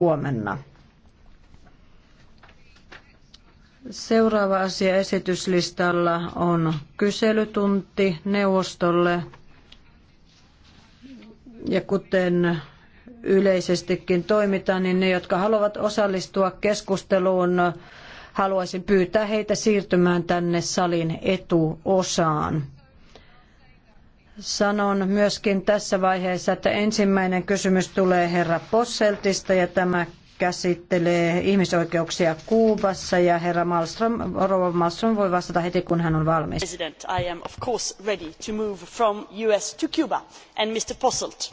huomenna. Seuraava asia esityslistalla on kyselytunti neuvostolle. Ja kuten yleisestikin toimitaan, niin ne, jotka haluavat osallistua keskusteluun, haluaisin pyytää heitä siirtymään tänne salin etuosaan. Sanon myöskin tässä vaiheessa, että ensimmäinen kysymys tulee herra Posseltista ja tämä käsittelee ihmisoikeuksia Kuubassa ja herra Malmström, Rova Malmström voi vastata heti, kun hän on valmis. President, I am of course ready to move from US to Cuba and Mr. Posselt.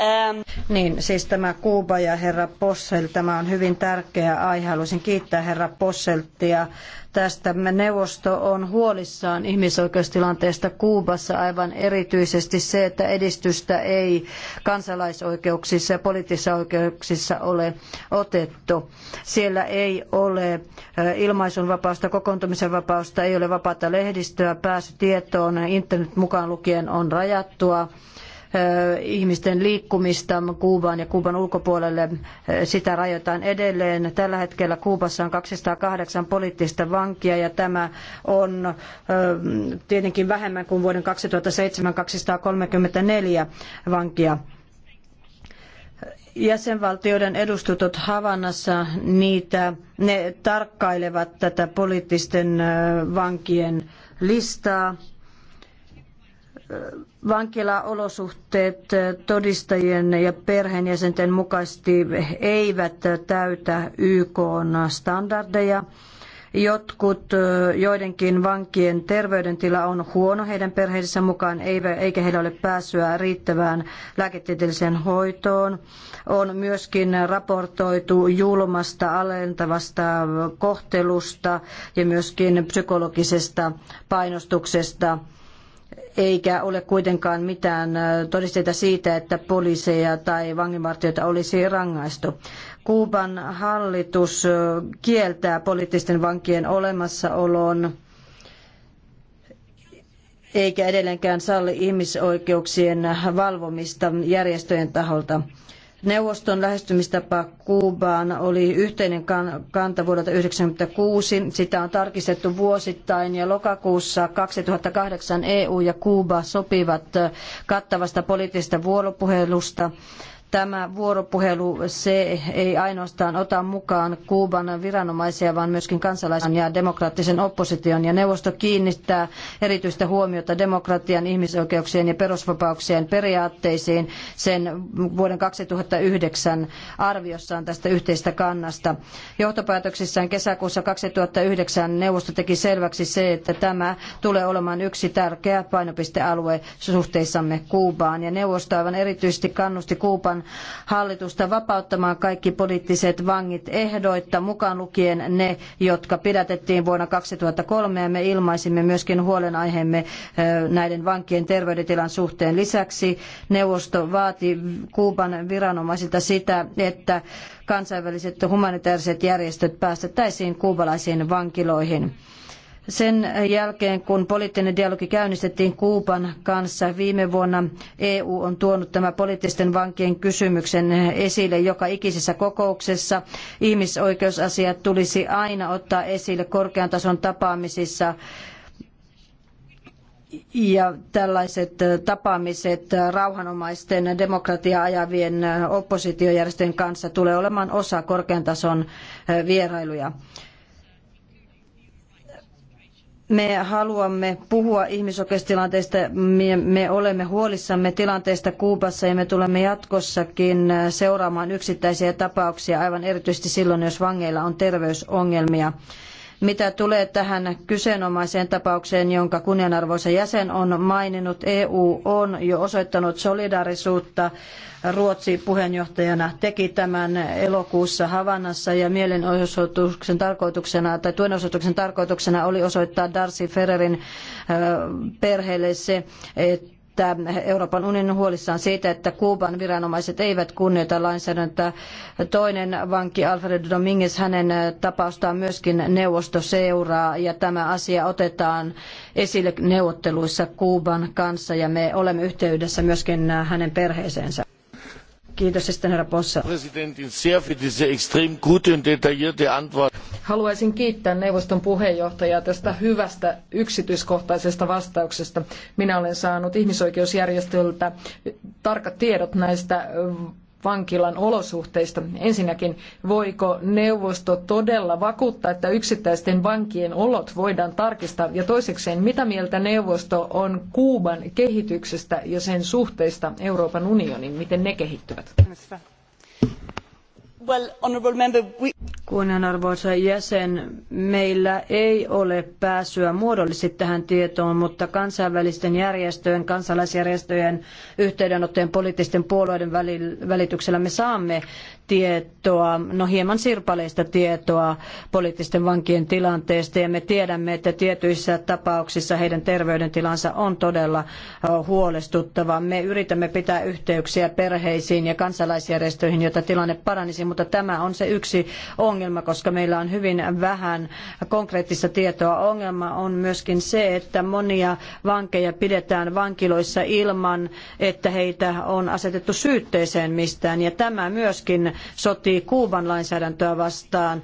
Ähm, niin, siis tämä Kuuba ja herra Possel, tämä on hyvin tärkeä aihe. Haluaisin kiittää herra Posseltia tästä. Neuvosto on huolissaan ihmisoikeustilanteesta Kuubassa aivan erityisesti se, että edistystä ei kansalaisoikeuksissa ja poliittisissa oikeuksissa ole otettu. Siellä ei ole äh, ilmaisunvapausta, kokoontumisen vapausta, ei ole vapaata lehdistöä, pääsy tietoon, internet mukaan lukien on rajattua ihmisten liikkumista Kuubaan ja Kuuban ulkopuolelle. Sitä rajoitetaan edelleen. Tällä hetkellä Kuubassa on 208 poliittista vankia ja tämä on tietenkin vähemmän kuin vuoden 2007 234 vankia jäsenvaltioiden edustetut Havannassa niitä, ne tarkkailevat tätä poliittisten vankien listaa vankilaolosuhteet todistajien ja perheenjäsenten mukaisesti eivät täytä YK standardeja. Jotkut joidenkin vankien terveydentila on huono heidän perheidensä mukaan, eikä heillä ole pääsyä riittävään lääketieteelliseen hoitoon. On myöskin raportoitu julmasta, alentavasta kohtelusta ja myöskin psykologisesta painostuksesta eikä ole kuitenkaan mitään äh, todisteita siitä, että poliiseja tai vanginvartijoita olisi rangaistu. Kuuban hallitus äh, kieltää poliittisten vankien olemassaolon eikä edelleenkään salli ihmisoikeuksien valvomista järjestöjen taholta. Neuvoston lähestymistapa Kuubaan oli yhteinen kanta vuodelta 1996. Sitä on tarkistettu vuosittain ja lokakuussa 2008 EU ja Kuuba sopivat kattavasta poliittisesta vuoropuhelusta tämä vuoropuhelu se ei ainoastaan ota mukaan Kuuban viranomaisia, vaan myöskin kansalaisen ja demokraattisen opposition. Ja neuvosto kiinnittää erityistä huomiota demokratian, ihmisoikeuksien ja perusvapauksien periaatteisiin sen vuoden 2009 arviossaan tästä yhteistä kannasta. Johtopäätöksissään kesäkuussa 2009 neuvosto teki selväksi se, että tämä tulee olemaan yksi tärkeä painopistealue suhteissamme Kuubaan. Ja neuvosto aivan erityisesti kannusti Kuuban hallitusta vapauttamaan kaikki poliittiset vangit ehdoitta, mukaan lukien ne, jotka pidätettiin vuonna 2003 ja me ilmaisimme myöskin huolenaiheemme näiden vankien terveydentilan suhteen. Lisäksi neuvosto vaati Kuuban viranomaisilta sitä, että kansainväliset humanitaariset järjestöt päästettäisiin kuubalaisiin vankiloihin. Sen jälkeen, kun poliittinen dialogi käynnistettiin Kuuban kanssa viime vuonna, EU on tuonut tämä poliittisten vankien kysymyksen esille joka ikisessä kokouksessa. Ihmisoikeusasiat tulisi aina ottaa esille korkean tason tapaamisissa ja tällaiset tapaamiset rauhanomaisten demokratiaa ajavien oppositiojärjestöjen kanssa tulee olemaan osa korkean tason vierailuja me haluamme puhua ihmisoikeustilanteesta, me, me olemme huolissamme tilanteesta Kuubassa ja me tulemme jatkossakin seuraamaan yksittäisiä tapauksia, aivan erityisesti silloin, jos vangeilla on terveysongelmia. Mitä tulee tähän kyseenomaiseen tapaukseen, jonka kunnianarvoisen jäsen on maininnut, EU on jo osoittanut solidaarisuutta. Ruotsi puheenjohtajana teki tämän elokuussa Havannassa ja mielenosoituksen tarkoituksena tai tuenosoituksen tarkoituksena oli osoittaa Darcy Ferrerin perheelle se, että että Euroopan unioni on huolissaan siitä, että Kuuban viranomaiset eivät kunnioita lainsäädäntöä. Toinen vanki Alfredo Dominguez, hänen tapaustaan myöskin neuvosto seuraa ja tämä asia otetaan esille neuvotteluissa Kuuban kanssa ja me olemme yhteydessä myöskin hänen perheeseensä. Haluaisin kiittää neuvoston puheenjohtajaa tästä hyvästä yksityiskohtaisesta vastauksesta. Minä olen saanut ihmisoikeusjärjestöltä tarkat tiedot näistä vankilan olosuhteista. Ensinnäkin, voiko neuvosto todella vakuuttaa, että yksittäisten vankien olot voidaan tarkistaa? Ja toisekseen, mitä mieltä neuvosto on Kuuban kehityksestä ja sen suhteista Euroopan unioniin? Miten ne kehittyvät? Kunnianarvoisa jäsen, meillä ei ole pääsyä muodollisesti tähän tietoon, mutta kansainvälisten järjestöjen, kansalaisjärjestöjen, yhteydenottojen poliittisten puolueiden välityksellä me saamme tietoa, no hieman sirpaleista tietoa poliittisten vankien tilanteesta ja me tiedämme, että tietyissä tapauksissa heidän terveydentilansa on todella huolestuttava. Me yritämme pitää yhteyksiä perheisiin ja kansalaisjärjestöihin, jotta tilanne paranisi, mutta tämä on se yksi ongelma, koska meillä on hyvin vähän konkreettista tietoa. Ongelma on myöskin se, että monia vankeja pidetään vankiloissa ilman, että heitä on asetettu syytteeseen mistään ja tämä myöskin sotii Kuuban lainsäädäntöä vastaan.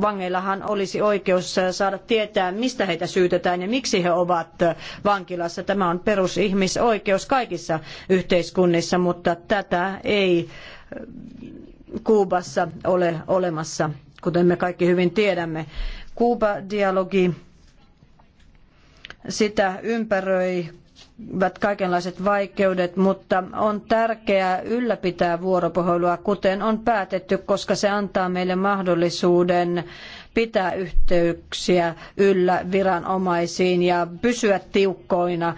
Vangeillahan olisi oikeus saada tietää, mistä heitä syytetään ja miksi he ovat vankilassa. Tämä on perusihmisoikeus kaikissa yhteiskunnissa, mutta tätä ei Kuubassa ole olemassa, kuten me kaikki hyvin tiedämme. Kuuba-dialogi sitä ympäröi kaikenlaiset vaikeudet, mutta on tärkeää ylläpitää vuoropuhelua, kuten on päätetty, koska se antaa meille mahdollisuuden pitää yhteyksiä yllä viranomaisiin ja pysyä tiukkoina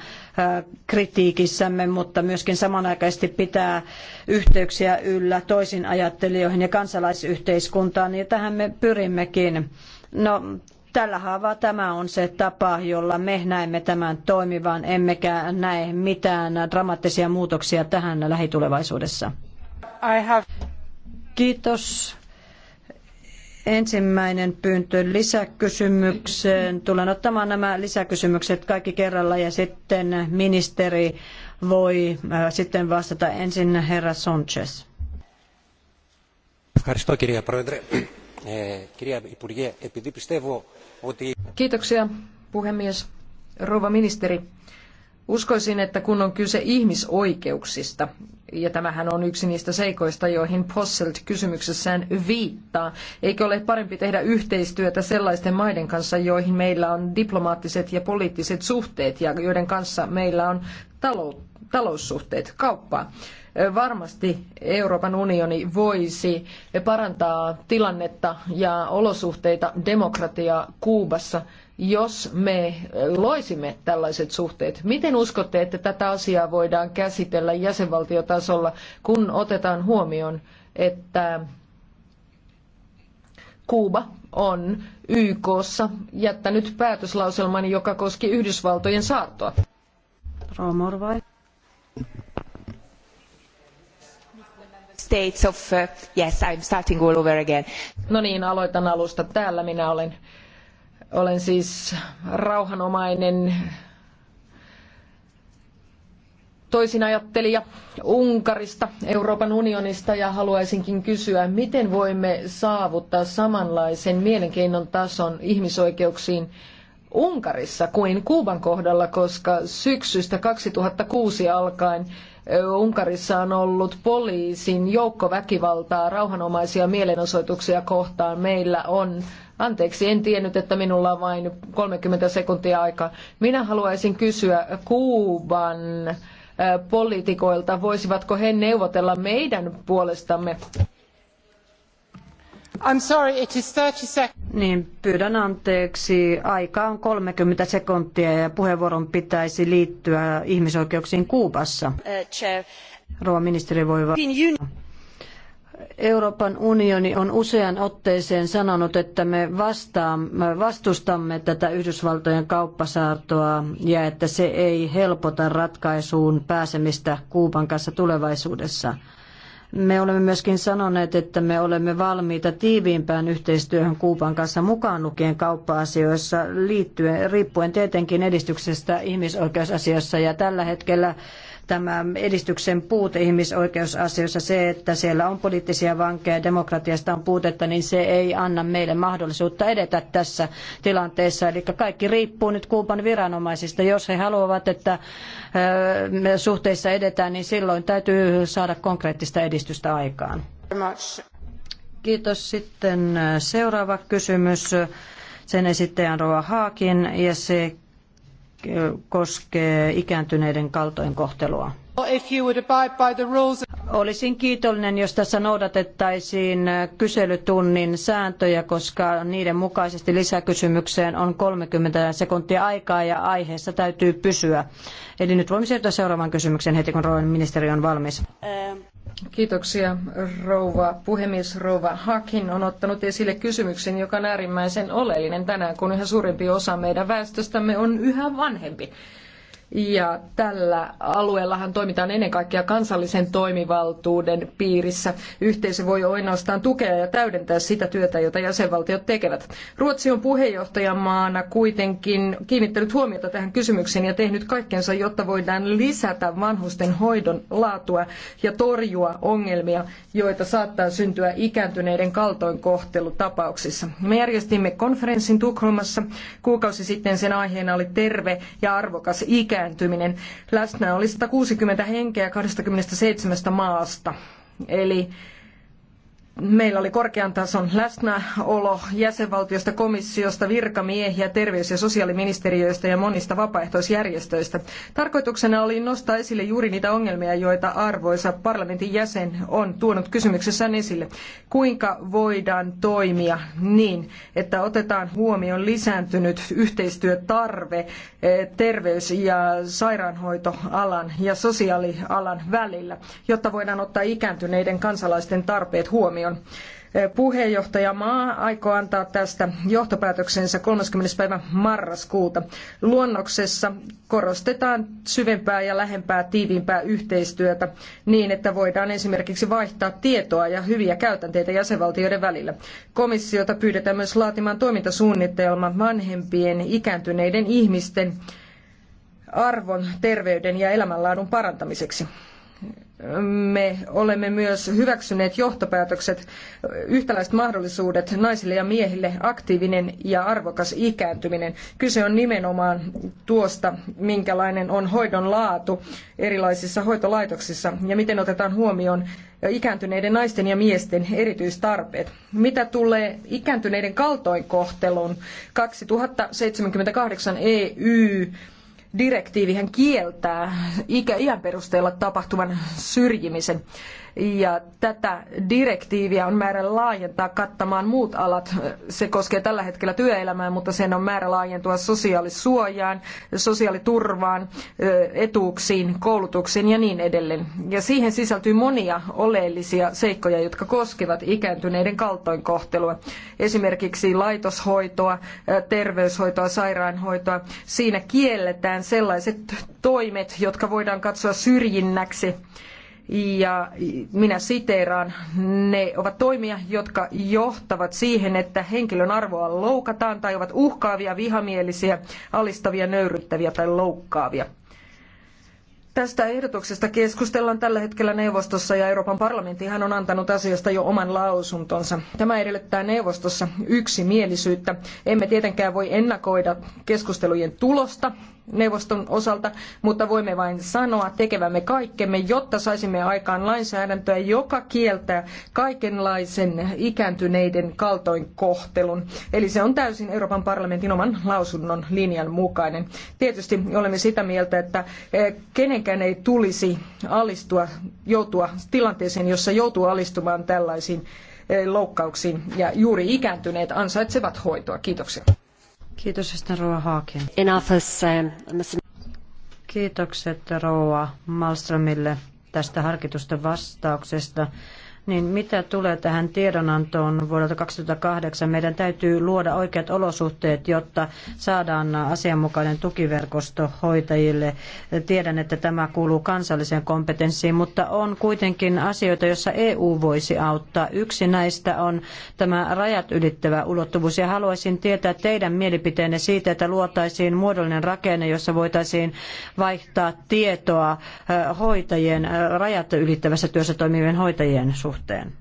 kritiikissämme, mutta myöskin samanaikaisesti pitää yhteyksiä yllä toisin ajattelijoihin ja kansalaisyhteiskuntaan, ja tähän me pyrimmekin. No, tällä haavaa tämä on se tapa, jolla me näemme tämän toimivan, emmekä näe mitään dramaattisia muutoksia tähän lähitulevaisuudessa. Have... Kiitos. Ensimmäinen pyyntö lisäkysymykseen. Tulen ottamaan nämä lisäkysymykset kaikki kerralla ja sitten ministeri voi äh, sitten vastata ensin herra Sanchez. Kirja Υπουργέ, επειδή πιστεύω ότι... puhemies. Rouva ministeri, uskoisin, että kun on kyse ihmisoikeuksista, ja tämähän on yksi niistä seikoista, joihin Posselt kysymyksessään viittaa. Eikö ole parempi tehdä yhteistyötä sellaisten maiden kanssa, joihin meillä on diplomaattiset ja poliittiset suhteet ja joiden kanssa meillä on talou, taloussuhteet, kauppaa. Varmasti Euroopan unioni voisi parantaa tilannetta ja olosuhteita demokratiaa Kuubassa, jos me loisimme tällaiset suhteet. Miten uskotte, että tätä asiaa voidaan käsitellä jäsenvaltiotasolla, kun otetaan huomioon, että Kuuba on YKssa jättänyt päätöslauselman, joka koski Yhdysvaltojen saartoa? Rouva States of, uh, yes, I'm starting all over again. No niin, aloitan alusta. Täällä minä olen, olen siis rauhanomainen toisinajattelija Unkarista, Euroopan unionista ja haluaisinkin kysyä, miten voimme saavuttaa samanlaisen mielenkiinnon tason ihmisoikeuksiin Unkarissa kuin Kuuban kohdalla, koska syksystä 2006 alkaen Unkarissa on ollut poliisin joukkoväkivaltaa rauhanomaisia mielenosoituksia kohtaan. Meillä on, anteeksi, en tiennyt, että minulla on vain 30 sekuntia aikaa. Minä haluaisin kysyä Kuuban poliitikoilta, voisivatko he neuvotella meidän puolestamme I'm sorry, it is 30 Niin, pyydän anteeksi. Aika on 30 sekuntia ja puheenvuoron pitäisi liittyä ihmisoikeuksiin Kuubassa. Uh, Rouva ministeri voi vastata. Euroopan unioni on usean otteeseen sanonut, että me vastustamme tätä Yhdysvaltojen kauppasaartoa ja että se ei helpota ratkaisuun pääsemistä Kuuban kanssa tulevaisuudessa. Me olemme myöskin sanoneet, että me olemme valmiita tiiviimpään yhteistyöhön Kuuban kanssa mukaan lukien kauppa-asioissa liittyen, riippuen tietenkin edistyksestä ihmisoikeusasioissa. Ja tällä hetkellä tämä edistyksen puute ihmisoikeusasioissa, se, että siellä on poliittisia vankeja, demokratiasta on puutetta, niin se ei anna meille mahdollisuutta edetä tässä tilanteessa. Eli kaikki riippuu nyt Kuuban viranomaisista. Jos he haluavat, että suhteissa edetään, niin silloin täytyy saada konkreettista edistystä aikaan. Kiitos. Sitten seuraava kysymys. Sen esittäjän Roa Haakin ja se koskee ikääntyneiden kaltoinkohtelua. Olisin kiitollinen, jos tässä noudatettaisiin kyselytunnin sääntöjä, koska niiden mukaisesti lisäkysymykseen on 30 sekuntia aikaa ja aiheessa täytyy pysyä. Eli nyt voimme siirtyä seuraavaan kysymykseen heti, kun rouva ministeri on valmis. Ähm. Kiitoksia rouva puhemies. Rouva Hakin on ottanut esille kysymyksen, joka on äärimmäisen oleellinen tänään, kun yhä suurempi osa meidän väestöstämme on yhä vanhempi. Ja tällä alueellahan toimitaan ennen kaikkea kansallisen toimivaltuuden piirissä. Yhteisö voi ainoastaan tukea ja täydentää sitä työtä, jota jäsenvaltiot tekevät. Ruotsi on puheenjohtajamaana kuitenkin kiinnittänyt huomiota tähän kysymykseen ja tehnyt kaikkensa, jotta voidaan lisätä vanhusten hoidon laatua ja torjua ongelmia, joita saattaa syntyä ikääntyneiden kaltoinkohtelutapauksissa. Me järjestimme konferenssin Tukholmassa. Kuukausi sitten sen aiheena oli terve ja arvokas ikä lisääntyminen. Läsnä oli 160 henkeä 27 maasta. Eli Meillä oli korkean tason läsnäolo jäsenvaltiosta, komissiosta, virkamiehiä, terveys- ja sosiaaliministeriöistä ja monista vapaaehtoisjärjestöistä. Tarkoituksena oli nostaa esille juuri niitä ongelmia, joita arvoisa parlamentin jäsen on tuonut kysymyksessään esille. Kuinka voidaan toimia niin, että otetaan huomioon lisääntynyt yhteistyötarve eh, terveys- ja sairaanhoitoalan ja sosiaalialan välillä, jotta voidaan ottaa ikääntyneiden kansalaisten tarpeet huomioon? paljon. Puheenjohtajamaa aikoo antaa tästä johtopäätöksensä 30. päivä marraskuuta. Luonnoksessa korostetaan syvempää ja lähempää tiiviimpää yhteistyötä niin, että voidaan esimerkiksi vaihtaa tietoa ja hyviä käytänteitä jäsenvaltioiden välillä. Komissiota pyydetään myös laatimaan toimintasuunnitelma vanhempien ikääntyneiden ihmisten arvon, terveyden ja elämänlaadun parantamiseksi me olemme myös hyväksyneet johtopäätökset yhtäläiset mahdollisuudet naisille ja miehille, aktiivinen ja arvokas ikääntyminen. Kyse on nimenomaan tuosta, minkälainen on hoidon laatu erilaisissa hoitolaitoksissa ja miten otetaan huomioon ikääntyneiden naisten ja miesten erityistarpeet. Mitä tulee ikääntyneiden kaltoinkohteluun, 2078 EY direktiivihän kieltää ikä, iän perusteella tapahtuvan syrjimisen. Ja tätä direktiiviä on määrä laajentaa kattamaan muut alat. Se koskee tällä hetkellä työelämää, mutta sen on määrä laajentua sosiaalisuojaan, sosiaaliturvaan, etuuksiin, koulutuksiin ja niin edelleen. Ja siihen sisältyy monia oleellisia seikkoja, jotka koskevat ikääntyneiden kaltoinkohtelua. Esimerkiksi laitoshoitoa, terveyshoitoa, sairaanhoitoa. Siinä kielletään tehdään sellaiset toimet, jotka voidaan katsoa syrjinnäksi. Ja minä siteeraan, ne ovat toimia, jotka johtavat siihen, että henkilön arvoa loukataan tai ovat uhkaavia, vihamielisiä, alistavia, nöyryttäviä tai loukkaavia. Tästä ehdotuksesta keskustellaan tällä hetkellä neuvostossa ja Euroopan parlamenttihan on antanut asiasta jo oman lausuntonsa. Tämä edellyttää neuvostossa yksimielisyyttä. Emme tietenkään voi ennakoida keskustelujen tulosta neuvoston osalta, mutta voimme vain sanoa tekevämme kaikkemme, jotta saisimme aikaan lainsäädäntöä, joka kieltää kaikenlaisen ikääntyneiden kaltoinkohtelun. Eli se on täysin Euroopan parlamentin oman lausunnon linjan mukainen. Tietysti olemme sitä mieltä, että eh, kenenkään ei tulisi alistua, joutua tilanteeseen, jossa joutuu alistumaan tällaisiin eh, loukkauksiin ja juuri ikääntyneet ansaitsevat hoitoa. Kiitoksia. Kiitos, sitten um, Kiitokset Rouva Malmströmille tästä harkitusta vastauksesta niin mitä tulee tähän tiedonantoon vuodelta 2008, meidän täytyy luoda oikeat olosuhteet, jotta saadaan asianmukainen tukiverkosto hoitajille. Tiedän, että tämä kuuluu kansalliseen kompetenssiin, mutta on kuitenkin asioita, joissa EU voisi auttaa. Yksi näistä on tämä rajat ylittävä ulottuvuus, ja haluaisin tietää teidän mielipiteenne siitä, että luotaisiin muodollinen rakenne, jossa voitaisiin vaihtaa tietoa eh, hoitajien, eh, rajat ylittävässä työssä toimivien hoitajien suhteen suhteen?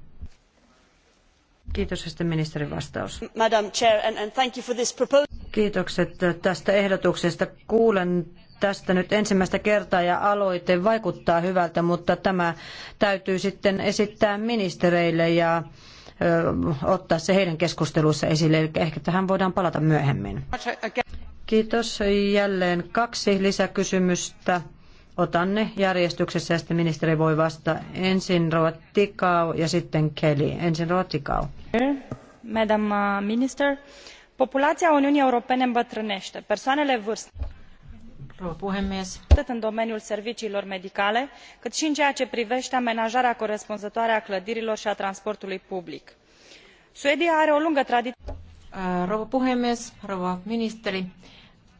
Kiitos ja sitten ministerin vastaus. Madam Chair, and, and thank you for this proposal. Kiitokset tästä ehdotuksesta. Kuulen tästä nyt ensimmäistä kertaa ja aloite vaikuttaa hyvältä, mutta tämä täytyy sitten esittää ministereille ja ö, ottaa se heidän keskusteluissa esille. Eli ehkä tähän voidaan palata myöhemmin. Kiitos. Jälleen kaksi lisäkysymystä. Otan ne järjestyksessä ja sitten ministeri voi vastata. Ensin Roa Tikau ja sitten Kelly. Ensin Roa Tikau. Madam uh, Minister, populația Uniunii Europene îmbătrânește. Persoanele vârstnice atât în domeniul serviciilor medicale cât și în ceea ce privește amenajarea corespunzătoare a clădirilor și a transportului public. suedia are o lungă tradiie uh,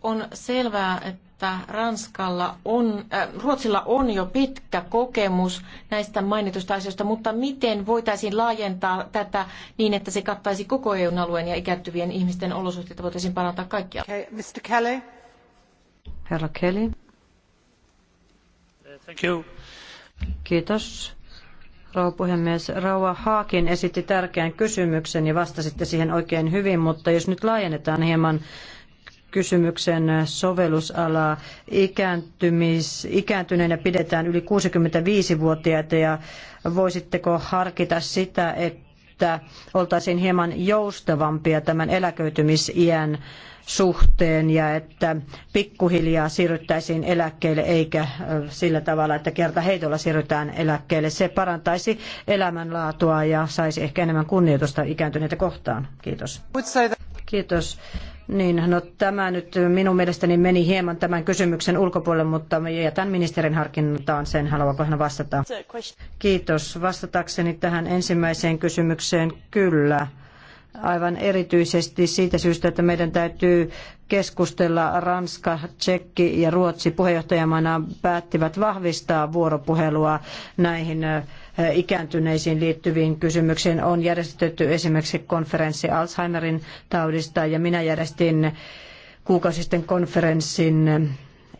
on selvää, että Ranskalla on, äh, Ruotsilla on jo pitkä kokemus näistä mainituista asioista, mutta miten voitaisiin laajentaa tätä niin, että se kattaisi koko EUn alueen ja ikääntyvien ihmisten olosuhteita voitaisiin parantaa kaikkialla? Okay, Mr. Kelly. Herra Kelly. Thank you. Kiitos. Rouva puhemies, Rauha Haakin esitti tärkeän kysymyksen ja vastasitte siihen oikein hyvin, mutta jos nyt laajennetaan hieman kysymyksen sovellusalaa. Ikääntymis, ikääntyneenä pidetään yli 65-vuotiaita ja voisitteko harkita sitä, että oltaisiin hieman joustavampia tämän eläköitymisiän suhteen ja että pikkuhiljaa siirryttäisiin eläkkeelle eikä sillä tavalla, että kerta heitolla siirrytään eläkkeelle. Se parantaisi elämänlaatua ja saisi ehkä enemmän kunnioitusta ikääntyneitä kohtaan. Kiitos. Kiitos. Niin, no tämä nyt minun mielestäni meni hieman tämän kysymyksen ulkopuolelle, mutta jätän ministerin harkintaan sen, haluaako hän vastata. Kiitos. Vastatakseni tähän ensimmäiseen kysymykseen, kyllä aivan erityisesti siitä syystä, että meidän täytyy keskustella. Ranska, Tsekki ja Ruotsi puheenjohtajamana päättivät vahvistaa vuoropuhelua näihin ikääntyneisiin liittyviin kysymyksiin on järjestetty esimerkiksi konferenssi Alzheimerin taudista ja minä järjestin kuukausi sitten konferenssin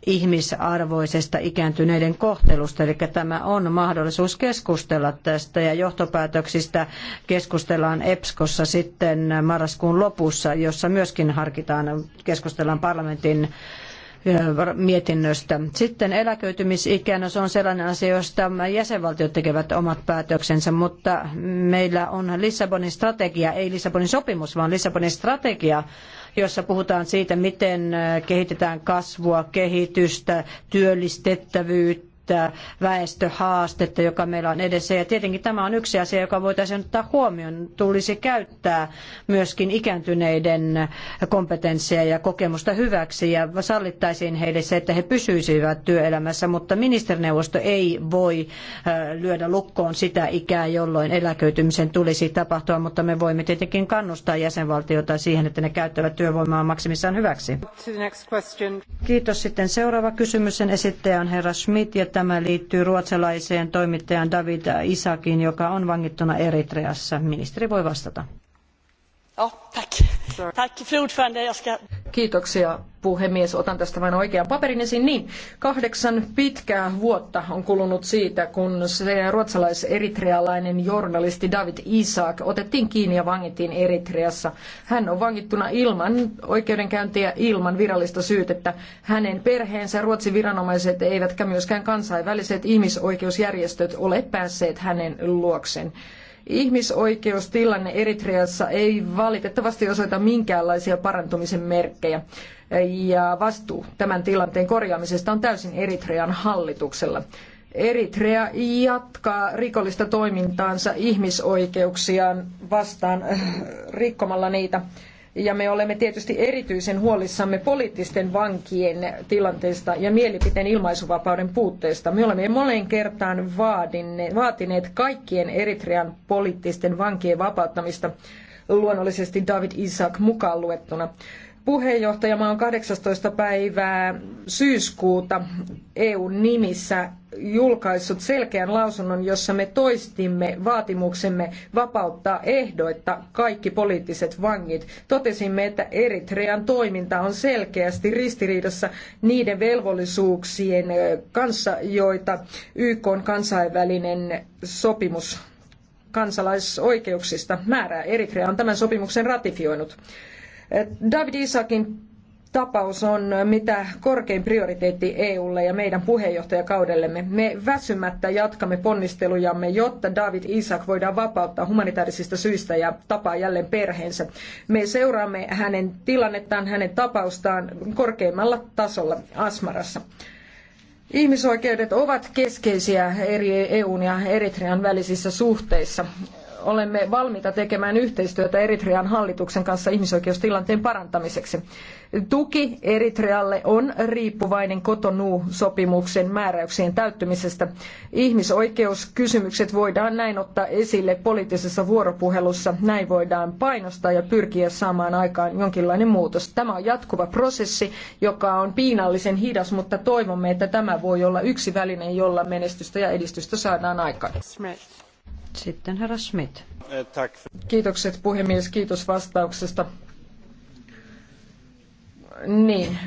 ihmisarvoisesta ikääntyneiden kohtelusta. Eli tämä on mahdollisuus keskustella tästä ja johtopäätöksistä keskustellaan EPSKossa sitten marraskuun lopussa, jossa myöskin harkitaan, keskustellaan parlamentin mietinnöstä. Sitten eläköitymisikä, no se on sellainen asia, josta jäsenvaltiot tekevät omat päätöksensä, mutta meillä on Lissabonin strategia, ei Lissabonin sopimus, vaan Lissabonin strategia, jossa puhutaan siitä, miten kehitetään kasvua, kehitystä, työllistettävyyttä, käyttää väestöhaastetta, joka meillä on edessä. Ja tietenkin tämä on yksi asia, joka voitaisiin ottaa huomioon. Tulisi käyttää myöskin ikääntyneiden kompetensseja ja kokemusta hyväksi ja sallittaisiin heille se, että he pysyisivät työelämässä, mutta ministerineuvosto ei voi lyödä lukkoon sitä ikää, jolloin eläköitymisen tulisi tapahtua, mutta me voimme tietenkin kannustaa jäsenvaltioita siihen, että ne käyttävät työvoimaa maksimissaan hyväksi. Kiitos. Sitten seuraava kysymys. Sen esittäjä on herra Schmidt ja Tämä liittyy ruotsalaiseen toimittajan David Isakin, joka on vangittuna Eritreassa. Ministeri voi vastata. Ja, oh, tack. Tack, fru ordförande. Jag ska... Kiitoksia puhemies. Otan tästä vain oikean paperin esiin. Niin, kahdeksan pitkää vuotta on kulunut siitä, kun se ruotsalais-eritrealainen journalisti David Isaak otettiin kiinni ja vangittiin Eritreassa. Hän on vangittuna ilman oikeudenkäyntiä, ilman virallista syytettä. Hänen perheensä ruotsin viranomaiset eivätkä myöskään kansainväliset ihmisoikeusjärjestöt ole päässeet hänen luokseen. Ihmisoikeustilanne Eritreassa ei valitettavasti osoita minkäänlaisia parantumisen merkkejä ja vastuu tämän tilanteen korjaamisesta on täysin Eritrean hallituksella. Eritrea jatkaa rikollista toimintaansa ihmisoikeuksiaan vastaan äh, rikkomalla niitä ja me olemme tietysti erityisen huolissamme poliittisten vankien tilanteesta ja mielipiteen ilmaisuvapauden puutteesta. Me olemme moneen kertaan vaadinne, vaatineet kaikkien Eritrean poliittisten vankien vapauttamista, luonnollisesti David Isaac mukaan luettuna on 18. päivää syyskuuta eu nimissä julkaissut selkeän lausunnon, jossa me toistimme vaatimuksemme vapauttaa ehdoitta kaikki poliittiset vangit. Totesimme, että Eritrean toiminta on selkeästi ristiriidassa niiden velvollisuuksien kanssa, joita YK on kansainvälinen sopimus kansalaisoikeuksista määrää. Eritrea on tämän sopimuksen ratifioinut. David Isakin tapaus on äh, mitä korkein prioriteetti EUlle ja meidän puheenjohtajakaudellemme. Me väsymättä jatkamme ponnistelujamme, jotta David Isak voidaan vapauttaa humanitaarisista syistä ja tapaa jälleen perheensä. Me seuraamme hänen tilannettaan, hänen tapaustaan korkeimmalla tasolla Asmarassa. Ihmisoikeudet ovat keskeisiä eri EUn ja Eritrean välisissä suhteissa olemme valmiita tekemään yhteistyötä Eritrean hallituksen kanssa ihmisoikeustilanteen parantamiseksi. Tuki Eritrealle on riippuvainen Kotonuu-sopimuksen määräyksien täyttymisestä. Ihmisoikeuskysymykset voidaan näin ottaa esille poliittisessa vuoropuhelussa. Näin voidaan painostaa ja pyrkiä saamaan aikaan jonkinlainen muutos. Tämä on jatkuva prosessi, joka on piinallisen hidas, mutta toivomme, että tämä voi olla yksi väline, jolla menestystä ja edistystä saadaan aikaan. Smith. Sitten herra Schmidt. Kiitokset puhemies, kiitos vastauksesta. Niin,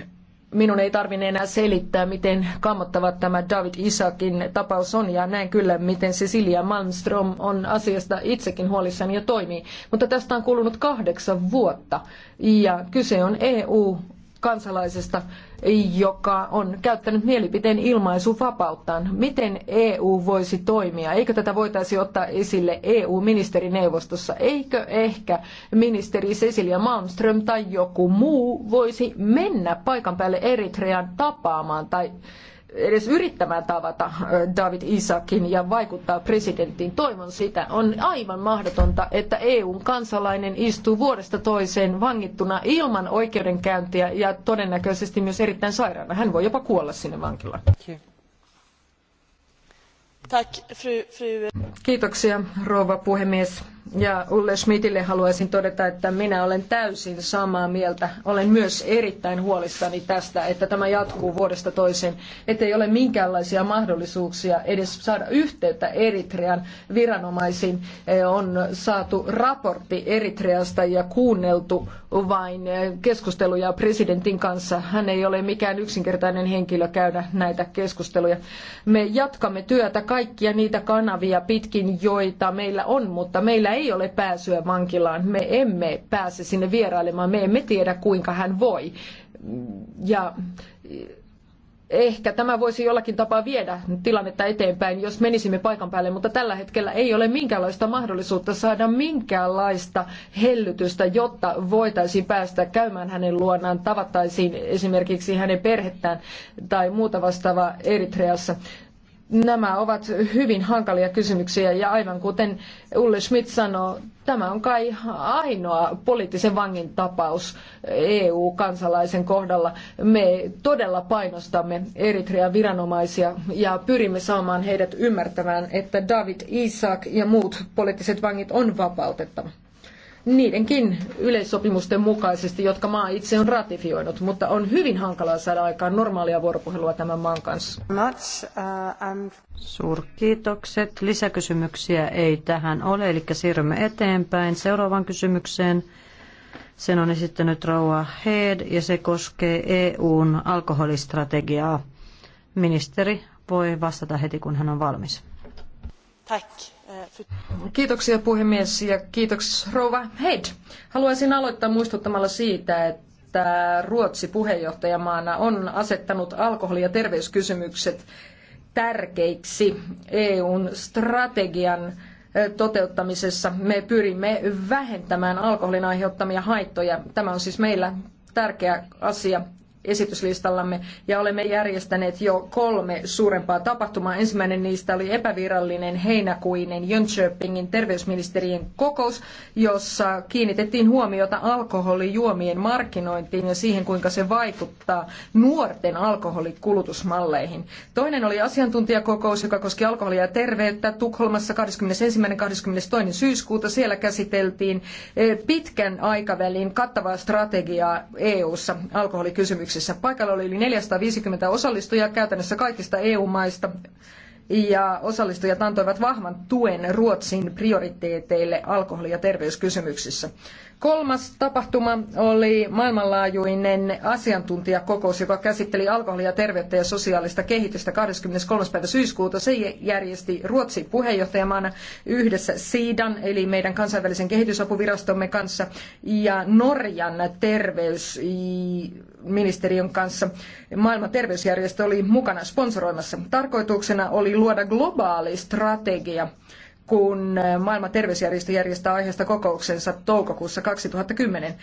minun ei tarvinne enää selittää, miten kammottava tämä David Isakin tapaus on, ja näen kyllä, miten Cecilia Malmström on asiasta itsekin huolissaan ja toimii. Mutta tästä on kulunut kahdeksan vuotta, ja kyse on EU kansalaisesta, joka on käyttänyt mielipiteen ilmaisuvapauttaan. Miten EU voisi toimia? Eikö tätä voitaisi ottaa esille EU-ministerineuvostossa? Eikö ehkä ministeri Cecilia Malmström tai joku muu voisi mennä paikan päälle Eritrean tapaamaan tai edes yrittämään tavata äh, David Isakin ja vaikuttaa presidenttiin. Toivon sitä. On aivan mahdotonta, että EUn kansalainen istuu vuodesta toiseen vangittuna ilman oikeudenkäyntiä ja todennäköisesti myös erittäin sairaana. Hän voi jopa kuolla sinne vankilaan. Kiitoksia, rouva puhemies. Ja Ulle Schmidtille haluaisin todeta, että minä olen täysin samaa mieltä. Olen myös erittäin huolissani tästä, että tämä jatkuu vuodesta toiseen, ettei ole minkäänlaisia mahdollisuuksia edes saada yhteyttä Eritrean viranomaisiin. Eh, on saatu raportti Eritreasta ja kuunneltu vain eh, keskusteluja presidentin kanssa. Hän ei ole mikään yksinkertainen henkilö käydä näitä keskusteluja. Me jatkamme työtä kaikkia niitä kanavia pitkin, joita meillä on, mutta meillä meillä ei ole pääsyä vankilaan. Me emme pääse sinne vierailemaan, me emme tiedä kuinka hän voi. Ja ehkä tämä voisi jollakin tapaa viedä tilannetta eteenpäin, jos menisimme paikan päälle, mutta tällä hetkellä ei ole minkäänlaista mahdollisuutta saada minkäänlaista hellytystä, jotta voitaisiin päästä käymään hänen luonaan, tavattaisiin esimerkiksi hänen perhettään tai muuta vastaavaa Eritreassa. Nämä ovat hyvin hankalia kysymyksiä ja aivan kuten Ulle Schmidt sanoo, tämä on kai ainoa poliittisen vangin tapaus EU-kansalaisen kohdalla. Me todella painostamme Eritrean viranomaisia ja pyrimme saamaan heidät ymmärtämään, että David Isaac ja muut poliittiset vangit on vapautettava niidenkin yleissopimusten mukaisesti, jotka maa itse on ratifioinut, mutta on hyvin hankalaa saada aikaan normaalia vuoropuhelua tämän maan kanssa. Uh, Suurkiitokset. Lisäkysymyksiä ei tähän ole, eli siirrymme eteenpäin seuraavaan kysymykseen. Sen on esittänyt Rouva Head ja se koskee EUn alkoholistrategiaa. Ministeri voi vastata heti, kun hän on valmis. Tack. Kiitoksia puhemies ja kiitos rouva Head. Haluaisin aloittaa muistuttamalla siitä, että Ruotsi puheenjohtajamaana on asettanut alkoholi- ja terveyskysymykset tärkeiksi EUn strategian toteuttamisessa. Me pyrimme vähentämään alkoholin aiheuttamia haittoja. Tämä on siis meillä tärkeä asia esityslistallamme ja olemme järjestäneet jo kolme suurempaa tapahtumaa. Ensimmäinen niistä oli epävirallinen heinäkuinen Jönköpingin terveysministerien kokous, jossa kiinnitettiin huomiota alkoholijuomien markkinointiin ja siihen, kuinka se vaikuttaa nuorten alkoholikulutusmalleihin. Toinen oli asiantuntijakokous, joka koski alkoholia ja terveyttä Tukholmassa 21.–22. syyskuuta. Siellä käsiteltiin eh, pitkän aikavälin kattavaa strategiaa EU-ssa alkoholikysymyksissä äänestyksessä. Paikalla oli yli 450 osallistujaa käytännössä kaikista EU-maista ja osallistujat antoivat vahvan tuen Ruotsin prioriteeteille alkoholi- ja terveyskysymyksissä. Kolmas tapahtuma oli maailmanlaajuinen asiantuntijakokous, joka käsitteli alkoholia, terveyttä ja sosiaalista kehitystä 23. päivä syyskuuta. Se järjesti Ruotsi puheenjohtajamaana yhdessä SIDAN, eli meidän kansainvälisen kehitysapuvirastomme kanssa, ja Norjan terveysministeriön kanssa. Maailman terveysjärjestö oli mukana sponsoroimassa. Tarkoituksena oli luoda globaali strategia kun maailman terveysjärjestö järjestää aiheesta kokouksensa toukokuussa 2010.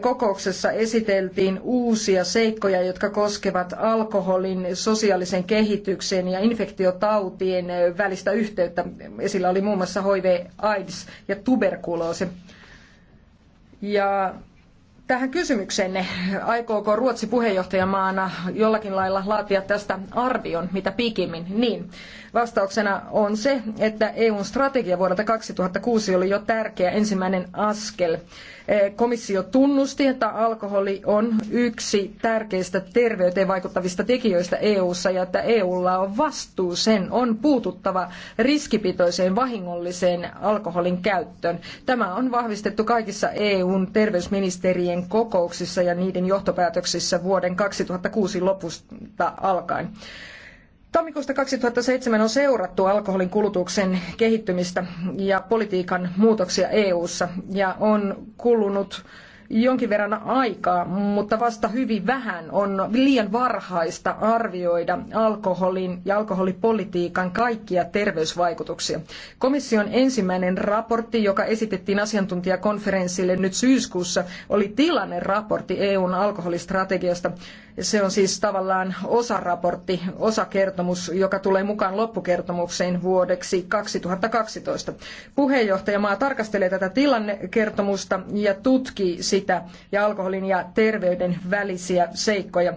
Kokouksessa esiteltiin uusia seikkoja, jotka koskevat alkoholin, sosiaalisen kehityksen ja infektiotautien välistä yhteyttä. Esillä oli muun muassa HIV, AIDS ja tuberkuloosi. Ja tähän kysymykseenne. Aikooko Ruotsi puheenjohtajamaana jollakin lailla laatia tästä arvion, mitä pikimmin? Niin. Vastauksena on se, että EUn strategia vuodelta 2006 oli jo tärkeä ensimmäinen askel. Eh, komissio tunnusti, että alkoholi on yksi tärkeistä terveyteen vaikuttavista tekijöistä EUssa ja että EUlla on vastuu sen on puututtava riskipitoiseen vahingolliseen alkoholin käyttöön. Tämä on vahvistettu kaikissa EUn terveysministerien kokouksissa ja niiden johtopäätöksissä vuoden 2006 lopusta alkaen. Tammikuusta 2007 on seurattu alkoholin kulutuksen kehittymistä ja politiikan muutoksia EU:ssa ja on kulunut jonkin verran aikaa, mutta vasta hyvin vähän on liian varhaista arvioida alkoholin ja alkoholipolitiikan kaikkia terveysvaikutuksia. Komission ensimmäinen raportti, joka esitettiin asiantuntijakonferenssille nyt syyskuussa, oli tilanneraportti EUn alkoholistrategiasta. Se on siis tavallaan osaraportti, osakertomus, joka tulee mukaan loppukertomukseen vuodeksi 2012. Puheenjohtajamaa tarkastelee tätä tilannekertomusta ja tutkii sitä ja alkoholin ja terveyden välisiä seikkoja.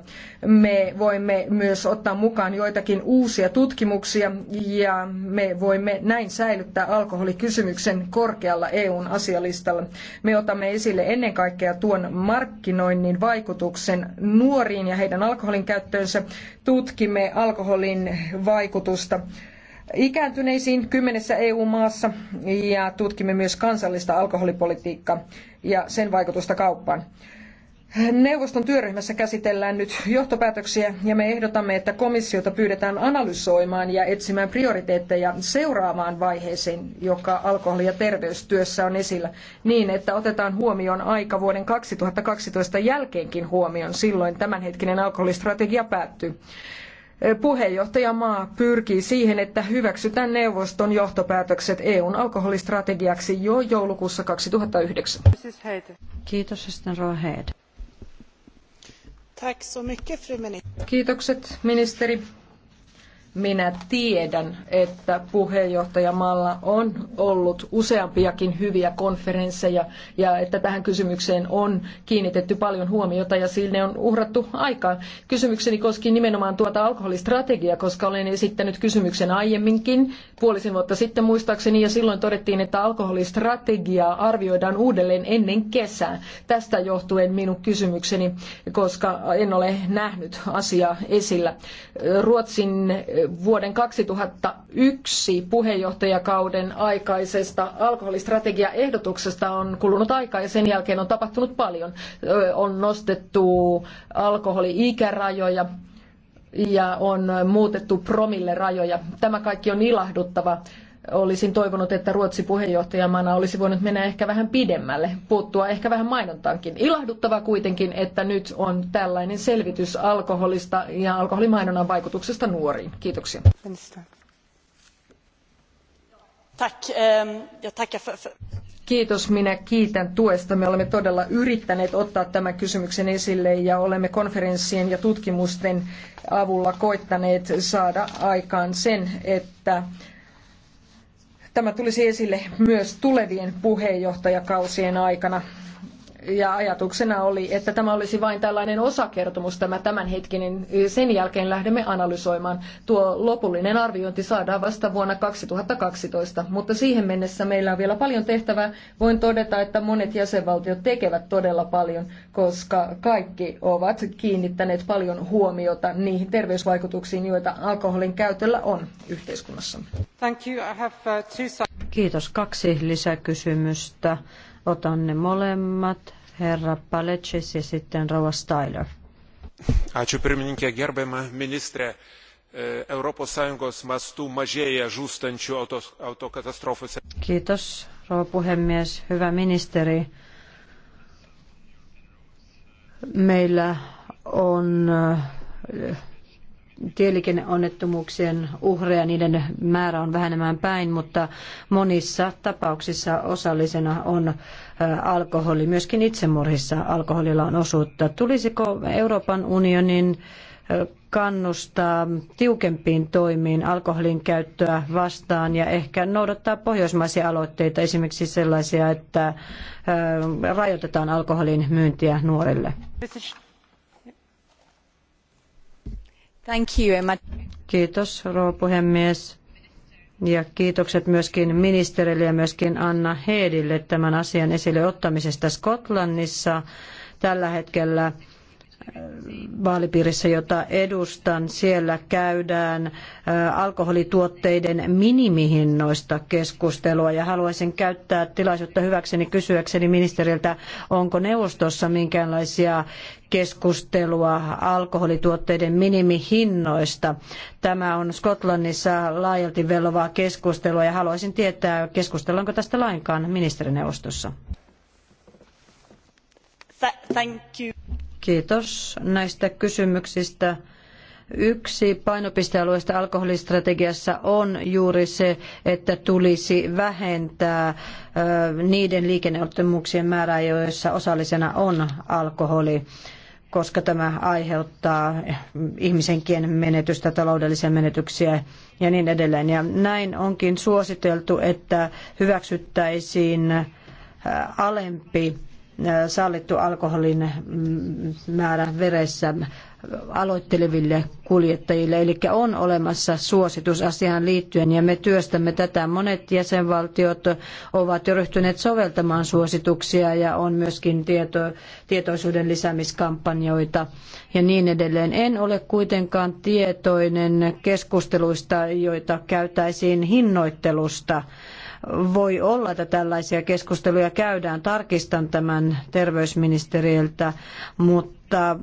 Me voimme myös ottaa mukaan joitakin uusia tutkimuksia ja me voimme näin säilyttää alkoholikysymyksen korkealla EUn asialistalla. Me otamme esille ennen kaikkea tuon markkinoinnin vaikutuksen nuoriin ja heidän alkoholin käyttöönsä. Tutkimme alkoholin vaikutusta ikääntyneisiin kymmenessä EU-maassa ja tutkimme myös kansallista alkoholipolitiikkaa ja sen vaikutusta kauppaan. Neuvoston työryhmässä käsitellään nyt johtopäätöksiä ja me ehdotamme, että komissiota pyydetään analysoimaan ja etsimään prioriteetteja seuraavaan vaiheeseen, joka alkoholi- ja terveystyössä on esillä, niin että otetaan huomioon aika vuoden 2012 jälkeenkin huomioon, silloin tämänhetkinen alkoholistrategia päättyy. Puheenjohtajamaa pyrkii siihen, että hyväksytään neuvoston johtopäätökset EUn alkoholistrategiaksi jo joulukuussa 2009. Kiitos, Kiitokset, ministeri. Minä tiedän, että Malla on ollut useampiakin hyviä konferensseja ja että tähän kysymykseen on kiinnitetty paljon huomiota ja sinne on uhrattu aikaa. Kysymykseni koski nimenomaan tuota alkoholistrategiaa, koska olen esittänyt kysymyksen aiemminkin puolisen vuotta sitten muistaakseni ja silloin todettiin, että alkoholistrategiaa arvioidaan uudelleen ennen kesää. Tästä johtuen minun kysymykseni, koska en ole nähnyt asiaa esillä. Ruotsin vuoden 2001 puheenjohtajakauden aikaisesta alkoholistrategiaehdotuksesta on kulunut aikaa ja sen jälkeen on tapahtunut paljon. On nostettu alkoholi-ikärajoja, ja on muutettu promille rajoja. Tämä kaikki on ilahduttava olisin toivonut, että Ruotsi puheenjohtajamana olisi voinut mennä ehkä vähän pidemmälle, puuttua ehkä vähän mainontaankin. Ilahduttava kuitenkin, että nyt on tällainen selvitys alkoholista ja alkoholimainonnan vaikutuksesta nuoriin. Kiitoksia. Ehm, Kiitos, minä kiitän tuesta. Me olemme todella yrittäneet ottaa tämän kysymyksen esille ja olemme konferenssien ja tutkimusten avulla koittaneet saada aikaan sen, että Tämä tulisi esille myös tulevien puheenjohtajakausien aikana ja ajatuksena oli, että tämä olisi vain tällainen osakertomus, tämä tämänhetkinen. Sen jälkeen lähdemme analysoimaan. Tuo lopullinen arviointi saadaan vasta vuonna 2012, mutta siihen mennessä meillä on vielä paljon tehtävää. Voin todeta, että monet jäsenvaltiot tekevät todella paljon, koska kaikki ovat kiinnittäneet paljon huomiota niihin terveysvaikutuksiin, joita alkoholin käytöllä on yhteiskunnassa. Uh, Kiitos. Kaksi lisäkysymystä. Otan ne molemmat herra Palecis ja sitten rouva Styler. Ačiū pirmininkė, gerbiama ministrė. E, Europos Sąjungos mastu mažėja žūstančių autokatastrofose. Kiitos, rouva puhemies. Hyvä ministeri. Meillä on e, tieliikenneonnettomuuksien uhreja, niiden määrä on vähenemään päin, mutta monissa tapauksissa osallisena on alkoholi. Myöskin itsemurhissa alkoholilla on osuutta. Tulisiko Euroopan unionin kannustaa tiukempiin toimiin alkoholin käyttöä vastaan ja ehkä noudattaa pohjoismaisia aloitteita, esimerkiksi sellaisia, että rajoitetaan alkoholin myyntiä nuorille. Kiitos, rouva puhemies. Ja kiitokset myöskin ministerille ja myöskin Anna Heedille tämän asian esille ottamisesta Skotlannissa. Tällä hetkellä vaalipiirissä, jota edustan, siellä käydään alkoholituotteiden minimihinnoista keskustelua ja haluaisin käyttää tilaisuutta hyväkseni kysyäkseni ministeriltä, onko neuvostossa minkäänlaisia keskustelua alkoholituotteiden minimihinnoista. Tämä on Skotlannissa laajalti vellovaa keskustelua ja haluaisin tietää, keskustellaanko tästä lainkaan ministerineuvostossa. Thank you. Kiitos näistä kysymyksistä. Yksi painopistealueista alkoholistrategiassa on juuri se, että tulisi vähentää niiden liikenneottomuuksien määrää, joissa osallisena on alkoholi koska tämä aiheuttaa ihmisenkien menetystä, taloudellisia menetyksiä ja niin edelleen. Ja näin onkin suositeltu, että hyväksyttäisiin alempi sallittu alkoholin määrä veressä aloitteleville kuljettajille. Eli on olemassa suositus asiaan liittyen ja me työstämme tätä. Monet jäsenvaltiot ovat jo ryhtyneet soveltamaan suosituksia ja on myöskin tieto, tietoisuuden lisäämiskampanjoita ja niin edelleen. En ole kuitenkaan tietoinen keskusteluista, joita käytäisiin hinnoittelusta voi olla, että tällaisia keskusteluja käydään. Tarkistan tämän terveysministeriöltä, mutta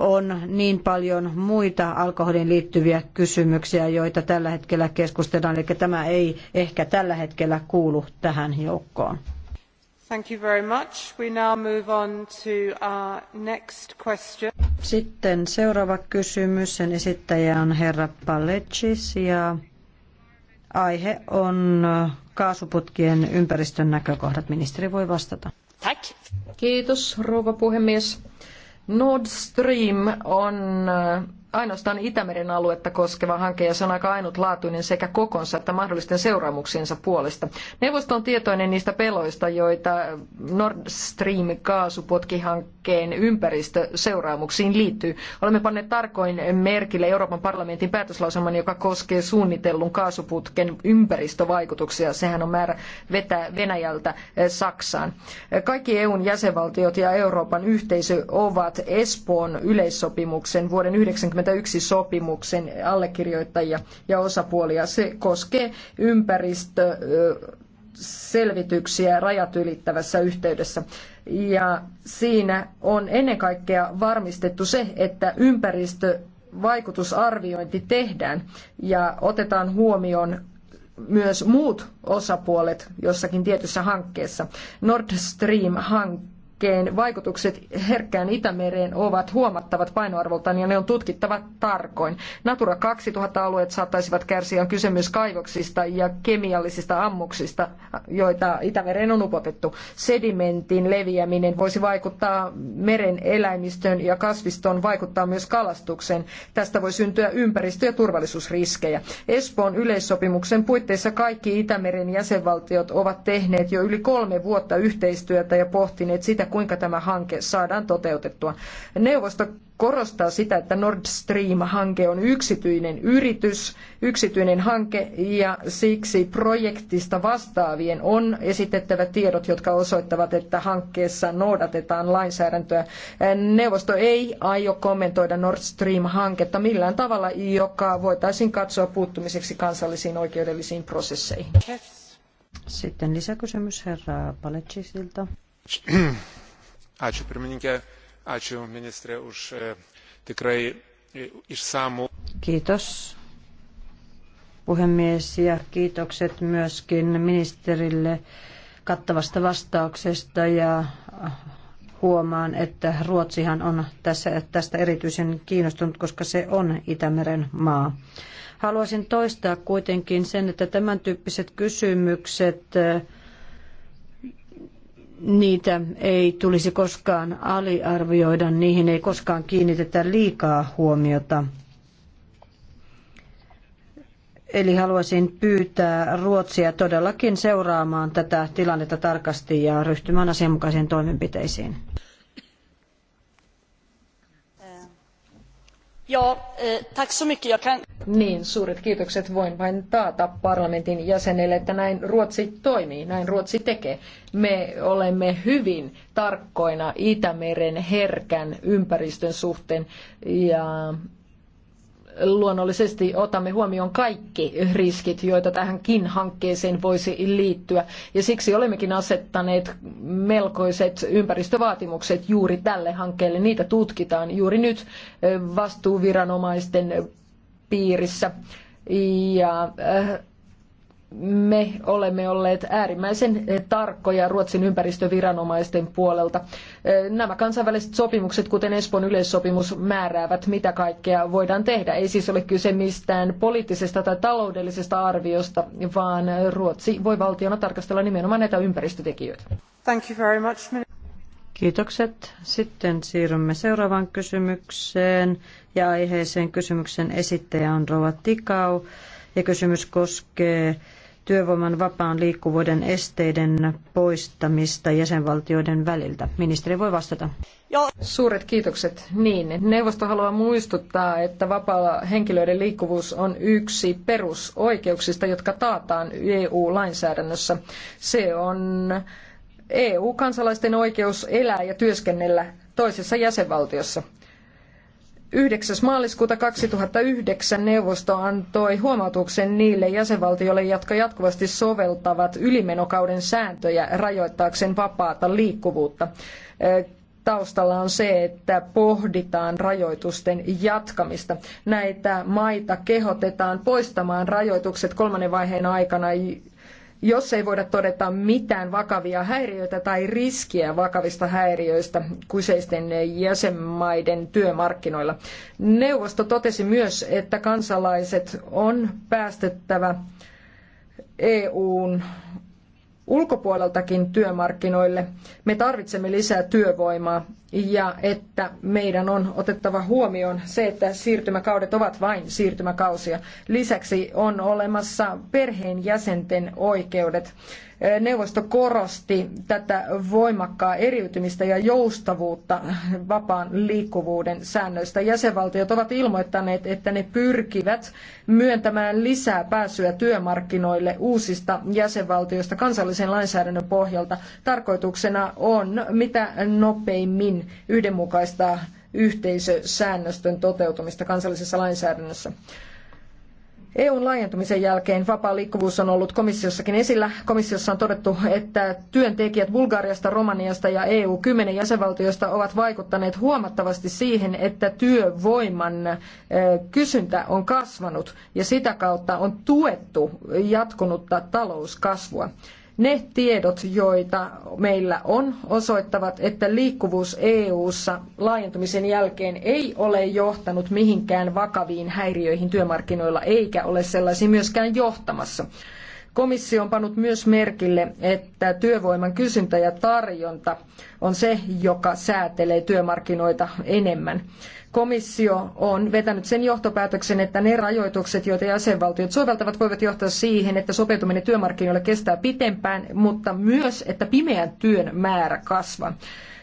on niin paljon muita alkoholin liittyviä kysymyksiä, joita tällä hetkellä keskustellaan. Eli tämä ei ehkä tällä hetkellä kuulu tähän joukkoon. Thank you very much. We now move on to our next question. Sitten seuraava kysymys. Sen esittäjä on herra Palecis ja aihe on kaasuputkien ympäristön näkökohdat. Ministeri voi vastata. Tack. Kiitos, rouva puhemies. Nord Stream on ainoastaan Itämeren aluetta koskeva hanke ja se on aika ainutlaatuinen sekä kokonsa että mahdollisten seuraamuksiensa puolesta. Neuvosto on tietoinen niistä peloista, joita Nord Stream kaasuputkihankkeen ympäristöseuraamuksiin liittyy. Olemme panneet tarkoin merkille Euroopan parlamentin päätöslauselman, joka koskee suunnitellun kaasuputken ympäristövaikutuksia. Sehän on määrä vetää Venäjältä eh, Saksaan. Kaikki EUn jäsenvaltiot ja Euroopan yhteisö ovat Espoon yleissopimuksen vuoden 90 161 sopimuksen allekirjoittajia ja osapuolia. Se koskee ympäristö selvityksiä rajat ylittävässä yhteydessä. Ja siinä on ennen kaikkea varmistettu se, että ympäristövaikutusarviointi tehdään ja otetaan huomioon myös muut osapuolet jossakin tietyssä hankkeessa. Nord Stream-hanke hankkeen vaikutukset herkkään Itämereen ovat huomattavat painoarvoltaan ja ne on tutkittava tarkoin. Natura 2000-alueet saattaisivat kärsiä on myös kaivoksista ja kemiallisista ammuksista, joita Itämereen on upotettu. Sedimentin leviäminen voisi vaikuttaa meren eläimistön ja kasvistoon, vaikuttaa myös kalastukseen. Tästä voi syntyä ympäristö- ja turvallisuusriskejä. Espoon yleissopimuksen puitteissa kaikki Itämeren jäsenvaltiot ovat tehneet jo yli kolme vuotta yhteistyötä ja pohtineet sitä, kuinka tämä hanke saadaan toteutettua. Neuvosto korostaa sitä, että Nord Stream-hanke on yksityinen yritys, yksityinen hanke ja siksi projektista vastaavien on esitettävä tiedot, jotka osoittavat, että hankkeessa noudatetaan lainsäädäntöä. Neuvosto ei aio kommentoida Nord Stream-hanketta millään tavalla, joka voitaisiin katsoa puuttumiseksi kansallisiin oikeudellisiin prosesseihin. Sitten lisäkysymys herra Palecisilta ačiū pirmininkė ačiū ministrė už e, tikrai e, išsamų. Kiitos puhemies ja kiitokset myöskin ministerille kattavasta vastauksesta ja äh, huomaan, että Ruotsihan on tässä, tästä erityisen kiinnostunut, koska se on Itämeren maa. Haluaisin toistaa kuitenkin sen, että tämän tyyppiset kysymykset äh, niitä ei tulisi koskaan aliarvioida, niihin ei koskaan kiinnitetä liikaa huomiota. Eli haluaisin pyytää Ruotsia todellakin seuraamaan tätä tilannetta tarkasti ja ryhtymään asianmukaisiin toimenpiteisiin. Eh, niin, suuret kiitokset. Voin vain taata parlamentin jäsenille, että näin Ruotsi toimii, näin Ruotsi tekee. Me olemme hyvin tarkkoina Itämeren herkän ympäristön suhteen ja luonnollisesti otamme huomioon kaikki riskit, joita tähänkin hankkeeseen voisi liittyä. Ja siksi olemmekin asettaneet melkoiset ympäristövaatimukset juuri tälle hankkeelle. Niitä tutkitaan juuri nyt eh, vastuuviranomaisten piirissä. Ja eh, me olemme olleet äärimmäisen tarkkoja Ruotsin ympäristöviranomaisten puolelta. Nämä kansainväliset sopimukset, kuten Espoon yleissopimus, määräävät, mitä kaikkea voidaan tehdä. Ei siis ole kyse mistään poliittisesta tai taloudellisesta arviosta, vaan Ruotsi voi valtiona tarkastella nimenomaan näitä ympäristötekijöitä. Kiitokset. Sitten siirrymme seuraavaan kysymykseen ja aiheeseen kysymyksen esittäjä on Rova Tikau ja kysymys koskee työvoiman vapaan liikkuvuuden esteiden poistamista jäsenvaltioiden väliltä? Ministeri voi vastata. Joo. Suuret kiitokset. Niin, neuvosto haluaa muistuttaa, että vapaa henkilöiden liikkuvuus on yksi perusoikeuksista, jotka taataan EU-lainsäädännössä. Se on EU-kansalaisten oikeus elää ja työskennellä toisessa jäsenvaltiossa. 9. maaliskuuta 2009 neuvosto antoi huomautuksen niille jäsenvaltioille, jotka jatkuvasti soveltavat ylimenokauden sääntöjä rajoittaakseen vapaata liikkuvuutta. Taustalla on se, että pohditaan rajoitusten jatkamista. Näitä maita kehotetaan poistamaan rajoitukset kolmannen vaiheen aikana jos ei voida todeta mitään vakavia häiriöitä tai riskiä vakavista häiriöistä kyseisten jäsenmaiden työmarkkinoilla. Neuvosto totesi myös, että kansalaiset on päästettävä EUn ulkopuoleltakin työmarkkinoille. Me tarvitsemme lisää työvoimaa ja että meidän on otettava huomioon se, että siirtymäkaudet ovat vain siirtymäkausia. Lisäksi on olemassa perheenjäsenten oikeudet. Neuvosto korosti tätä voimakkaa eriytymistä ja joustavuutta vapaan liikkuvuuden säännöistä. Jäsenvaltiot ovat ilmoittaneet, että ne pyrkivät myöntämään lisää pääsyä työmarkkinoille uusista jäsenvaltioista kansallisen lainsäädännön pohjalta. Tarkoituksena on mitä nopeimmin kuin yhdenmukaistaa yhteisösäännöstön toteutumista kansallisessa lainsäädännössä. EUn laajentumisen jälkeen vapaa liikkuvuus on ollut komissiossakin esillä. Komissiossa on todettu, että työntekijät Bulgariasta, Romaniasta ja EU kymmenen jäsenvaltiosta ovat vaikuttaneet huomattavasti siihen, että työvoiman kysyntä on kasvanut ja sitä kautta on tuettu jatkunutta talouskasvua. Ne tiedot, joita meillä on, osoittavat, että liikkuvuus EU-ssa laajentumisen jälkeen ei ole johtanut mihinkään vakaviin häiriöihin työmarkkinoilla eikä ole sellaisiin myöskään johtamassa. Komissio on pannut myös merkille, että työvoiman kysyntä ja tarjonta on se, joka säätelee työmarkkinoita enemmän. Komissio on vetänyt sen johtopäätöksen, että ne rajoitukset, joita jäsenvaltiot soveltavat, voivat johtaa siihen, että sopeutuminen työmarkkinoille kestää pitempään, mutta myös, että pimeän työn määrä kasvaa.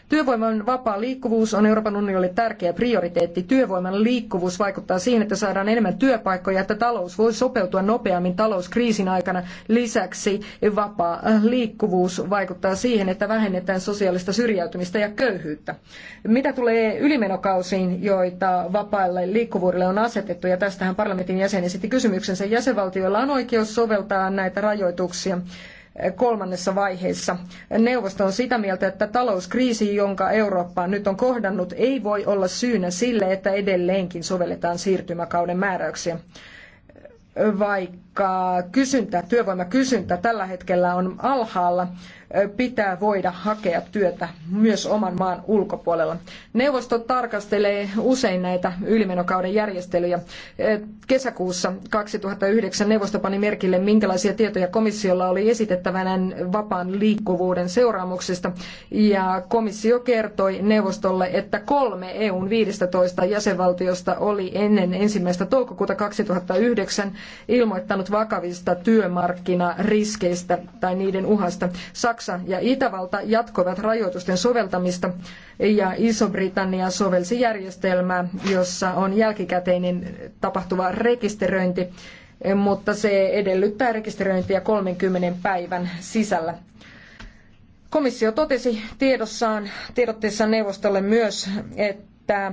Työvoiman vapaa liikkuvuus on Euroopan unionille tärkeä prioriteetti. Työvoiman liikkuvuus vaikuttaa siihen, että saadaan enemmän työpaikkoja, että talous voi sopeutua nopeammin talouskriisin aikana. Lisäksi vapaa liikkuvuus vaikuttaa siihen, että vähennetään sosiaalista syrjäytymistä ja köyhyyttä. Mitä tulee ylimenokausiin, joita vapaalle liikkuvuudelle on asetettu, ja tästähän parlamentin jäsen esitti kysymyksensä, jäsenvaltioilla on oikeus soveltaa näitä rajoituksia kolmannessa vaiheessa. Neuvosto on sitä mieltä, että talouskriisi, jonka Eurooppa nyt on kohdannut, ei voi olla syynä sille, että edelleenkin sovelletaan siirtymäkauden määräyksiä. Vaikka vaikka kysyntä, työvoimakysyntä tällä hetkellä on alhaalla, pitää voida hakea työtä myös oman maan ulkopuolella. Neuvosto tarkastelee usein näitä ylimenokauden järjestelyjä. Kesäkuussa 2009 neuvosto pani merkille, minkälaisia tietoja komissiolla oli esitettävänä vapaan liikkuvuuden seuraamuksista. Ja komissio kertoi neuvostolle, että kolme EUn 15 jäsenvaltiosta oli ennen ensimmäistä toukokuuta 2009 ilmoittanut kertonut vakavista työmarkkinariskeistä tai niiden uhasta. Saksa ja Itävalta jatkoivat rajoitusten soveltamista ja Iso-Britannia sovelsi järjestelmää, jossa on jälkikäteinen tapahtuva rekisteröinti, mutta se edellyttää rekisteröintiä 30 päivän sisällä. Komissio totesi tiedossaan, tiedotteessaan neuvostolle myös, että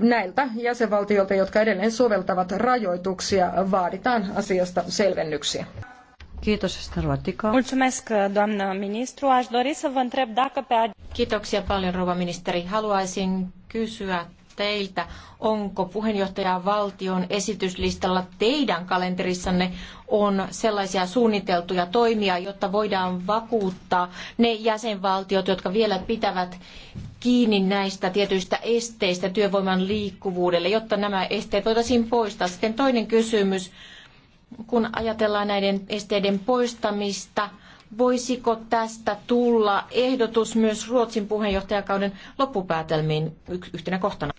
näiltä jäsenvaltioilta, jotka edelleen soveltavat rajoituksia, vaaditaan asiasta selvennyksiä. Kiitos, Starotika. Mulțumesc, doamnă ministru. Aș dori să vă întreb dacă pe... Kiitoksia paljon, rouva ministeri. Haluaisin kysyä teiltä, onko puheenjohtajan valtion esityslistalla teidän kalenterissanne on sellaisia suunniteltuja toimia, jotta voidaan vakuuttaa ne jäsenvaltiot, jotka vielä pitävät kiinni näistä tietyistä esteistä työvoiman liikkuvuudelle, jotta nämä esteet voitaisiin poistaa. Sitten toinen kysymys, kun ajatellaan näiden esteiden poistamista, voisiko tästä tulla ehdotus myös Ruotsin puheenjohtajakauden loppupäätelmiin yhtenä kohtana?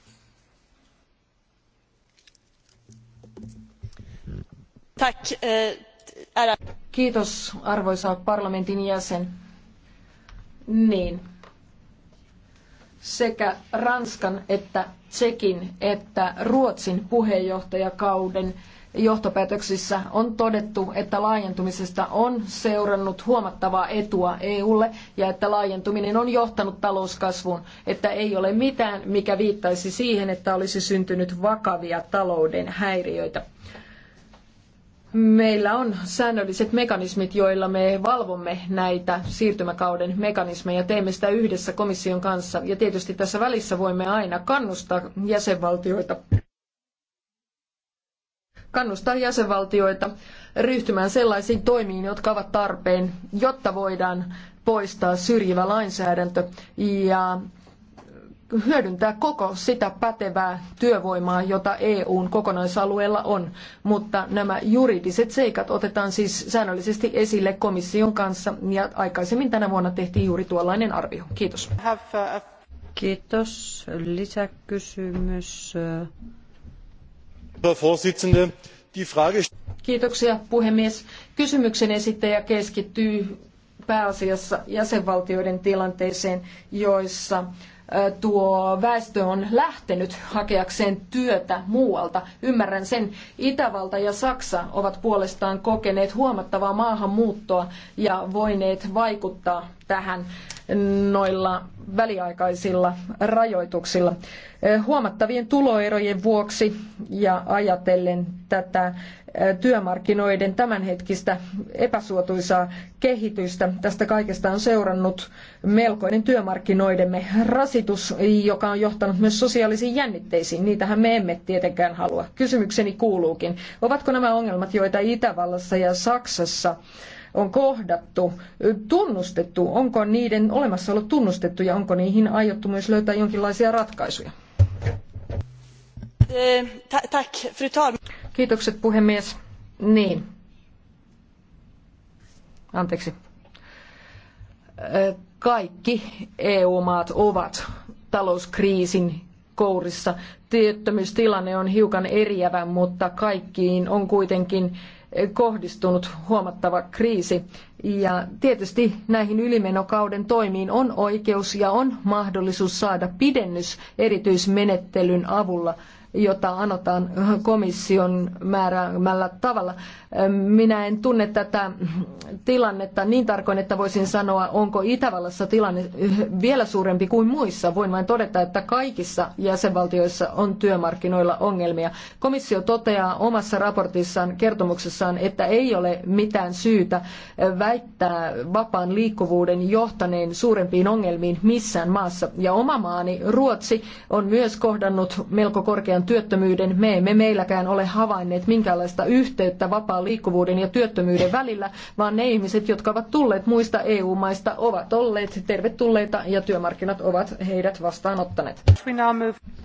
Eh, Kiitos arvoisa parlamentin jäsen. Niin. Sekä Ranskan että tekin että Ruotsin puheenjohtajakauden johtopäätöksissä on todettu, että laajentumisesta on seurannut huomattavaa etua EUlle ja että laajentuminen on johtanut talouskasvuun, että ei ole mitään, mikä viittaisi siihen, että olisi syntynyt vakavia talouden häiriöitä. Meillä on säännölliset mekanismit, joilla me valvomme näitä siirtymäkauden mekanismeja. Teemme sitä yhdessä komission kanssa. Ja tietysti tässä välissä voimme aina kannustaa jäsenvaltioita kannustaa jäsenvaltioita ryhtymään sellaisiin toimiin, jotka ovat tarpeen, jotta voidaan poistaa syrjivä lainsäädäntö ja hyödyntää koko sitä pätevää työvoimaa, jota EUn kokonaisalueella on, mutta nämä juridiset seikat otetaan siis säännöllisesti esille komission kanssa ja aikaisemmin tänä vuonna tehtiin juuri tuollainen arvio. Kiitos. Kiitos. Lisäkysymys. Kiitoksia puhemies. Kysymyksen esittäjä keskittyy pääasiassa jäsenvaltioiden tilanteeseen, joissa tuo väestö on lähtenyt hakeakseen työtä muualta. Ymmärrän sen. Itävalta ja Saksa ovat puolestaan kokeneet huomattavaa maahanmuuttoa ja voineet vaikuttaa tähän noilla väliaikaisilla rajoituksilla. Eh, huomattavien tuloerojen vuoksi ja ajatellen tätä eh, työmarkkinoiden tämänhetkistä epäsuotuisaa kehitystä. Tästä kaikesta on seurannut melkoinen työmarkkinoidemme rasitus, joka on johtanut myös sosiaalisiin jännitteisiin. Niitähän me emme tietenkään halua. Kysymykseni kuuluukin, ovatko nämä ongelmat, joita Itävallassa ja Saksassa on kohdattu, tunnustettu, onko niiden olemassaolo tunnustettu ja onko niihin aiottu myös löytää jonkinlaisia ratkaisuja? Eh, Kiitokset puhemies. Niin. Anteeksi. Eh, kaikki EU-maat ovat talouskriisin kourissa. Työttömyystilanne on hiukan eriävä, mutta kaikkiin on kuitenkin kohdistunut huomattava kriisi. Ja tietysti näihin ylimenokauden toimiin on oikeus ja on mahdollisuus saada pidennys erityismenettelyn avulla jota anotaan komission määräämällä tavalla. Minä en tunne tätä tilannetta niin tarkoin, että voisin sanoa, onko Itävallassa tilanne vielä suurempi kuin muissa. Voin vain todeta, että kaikissa jäsenvaltioissa on työmarkkinoilla ongelmia. Komissio toteaa omassa raportissaan, kertomuksessaan, että ei ole mitään syytä väittää vapaan liikkuvuuden johtaneen suurempiin ongelmiin missään maassa. Ja oma maani Ruotsi on myös kohdannut melko korkean paljon työttömyyden. Me emme meilläkään ole havainneet minkäänlaista yhteyttä vapaan liikkuvuuden ja työttömyyden välillä, vaan ne ihmiset, jotka ovat tulleet muista EU-maista, ovat olleet tervetulleita ja työmarkkinat ovat heidät vastaanottaneet.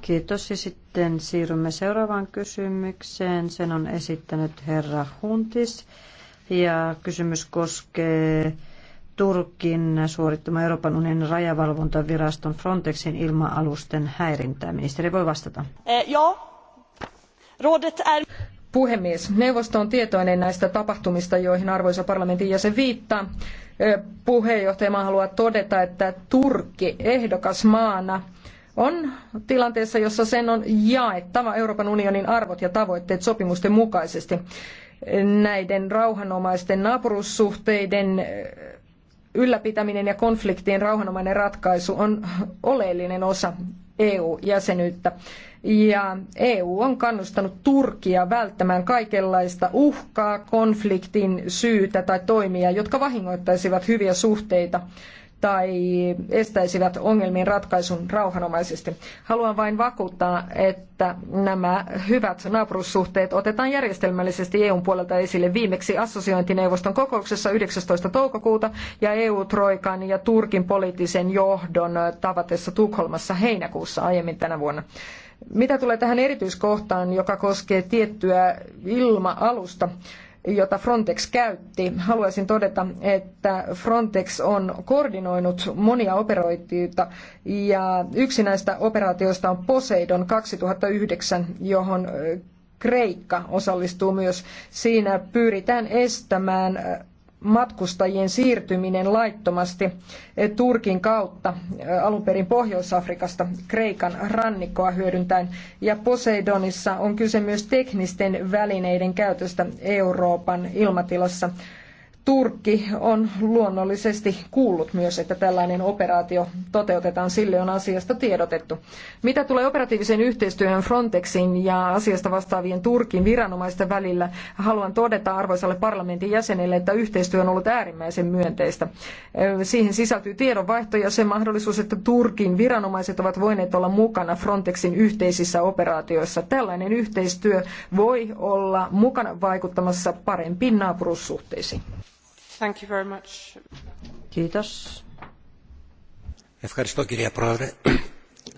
Kiitos ja sitten siirrymme seuraavaan kysymykseen. Sen on esittänyt herra Huntis ja kysymys koskee Turkin suorittama Euroopan unionin rajavalvontaviraston Frontexin ilma-alusten häirintää. Ministeri voi vastata. Eh, Puhemies, neuvosto on tietoinen näistä tapahtumista, joihin arvoisa parlamentin jäsen viittaa. Eh, puheenjohtajamaa haluaa todeta, että Turkki ehdokasmaana on tilanteessa, jossa sen on jaettava Euroopan unionin arvot ja tavoitteet sopimusten mukaisesti näiden rauhanomaisten naapurussuhteiden eh, ylläpitäminen ja konfliktien rauhanomainen ratkaisu on oleellinen osa EU-jäsenyyttä. Ja EU on kannustanut Turkia välttämään kaikenlaista uhkaa, konfliktin syytä tai toimia, jotka vahingoittaisivat hyviä suhteita tai estäisivät ongelmien ratkaisun rauhanomaisesti. Haluan vain vakuuttaa, että nämä hyvät naapurussuhteet otetaan järjestelmällisesti EUn puolelta esille viimeksi assosiointineuvoston kokouksessa 19. toukokuuta ja EU-troikan ja Turkin poliittisen johdon tavatessa Tukholmassa heinäkuussa aiemmin tänä vuonna. Mitä tulee tähän erityiskohtaan, joka koskee tiettyä ilma-alusta, jota Frontex käytti. Haluaisin todeta, että Frontex on koordinoinut monia operaatioita ja yksi näistä operaatioista on Poseidon 2009, johon äh, Kreikka osallistuu myös. Siinä pyritään estämään äh, matkustajien siirtyminen laittomasti Turkin kautta alun perin Pohjois-Afrikasta Kreikan rannikkoa hyödyntäen. Ja Poseidonissa on kyse myös teknisten välineiden käytöstä Euroopan ilmatilassa. Turkki on luonnollisesti kuullut myös, että tällainen operaatio toteutetaan, sille on asiasta tiedotettu. Mitä tulee operatiiviseen yhteistyöhön Frontexin ja asiasta vastaavien Turkin viranomaisten välillä, haluan todeta arvoisalle parlamentin jäsenelle, että yhteistyö on ollut äärimmäisen myönteistä. Siihen sisältyy tiedonvaihto ja se mahdollisuus, että Turkin viranomaiset ovat voineet olla mukana Frontexin yhteisissä operaatioissa. Tällainen yhteistyö voi olla mukana vaikuttamassa parempiin naapurussuhteisiin. Ευχαριστώ κυρία Πρόεδρε.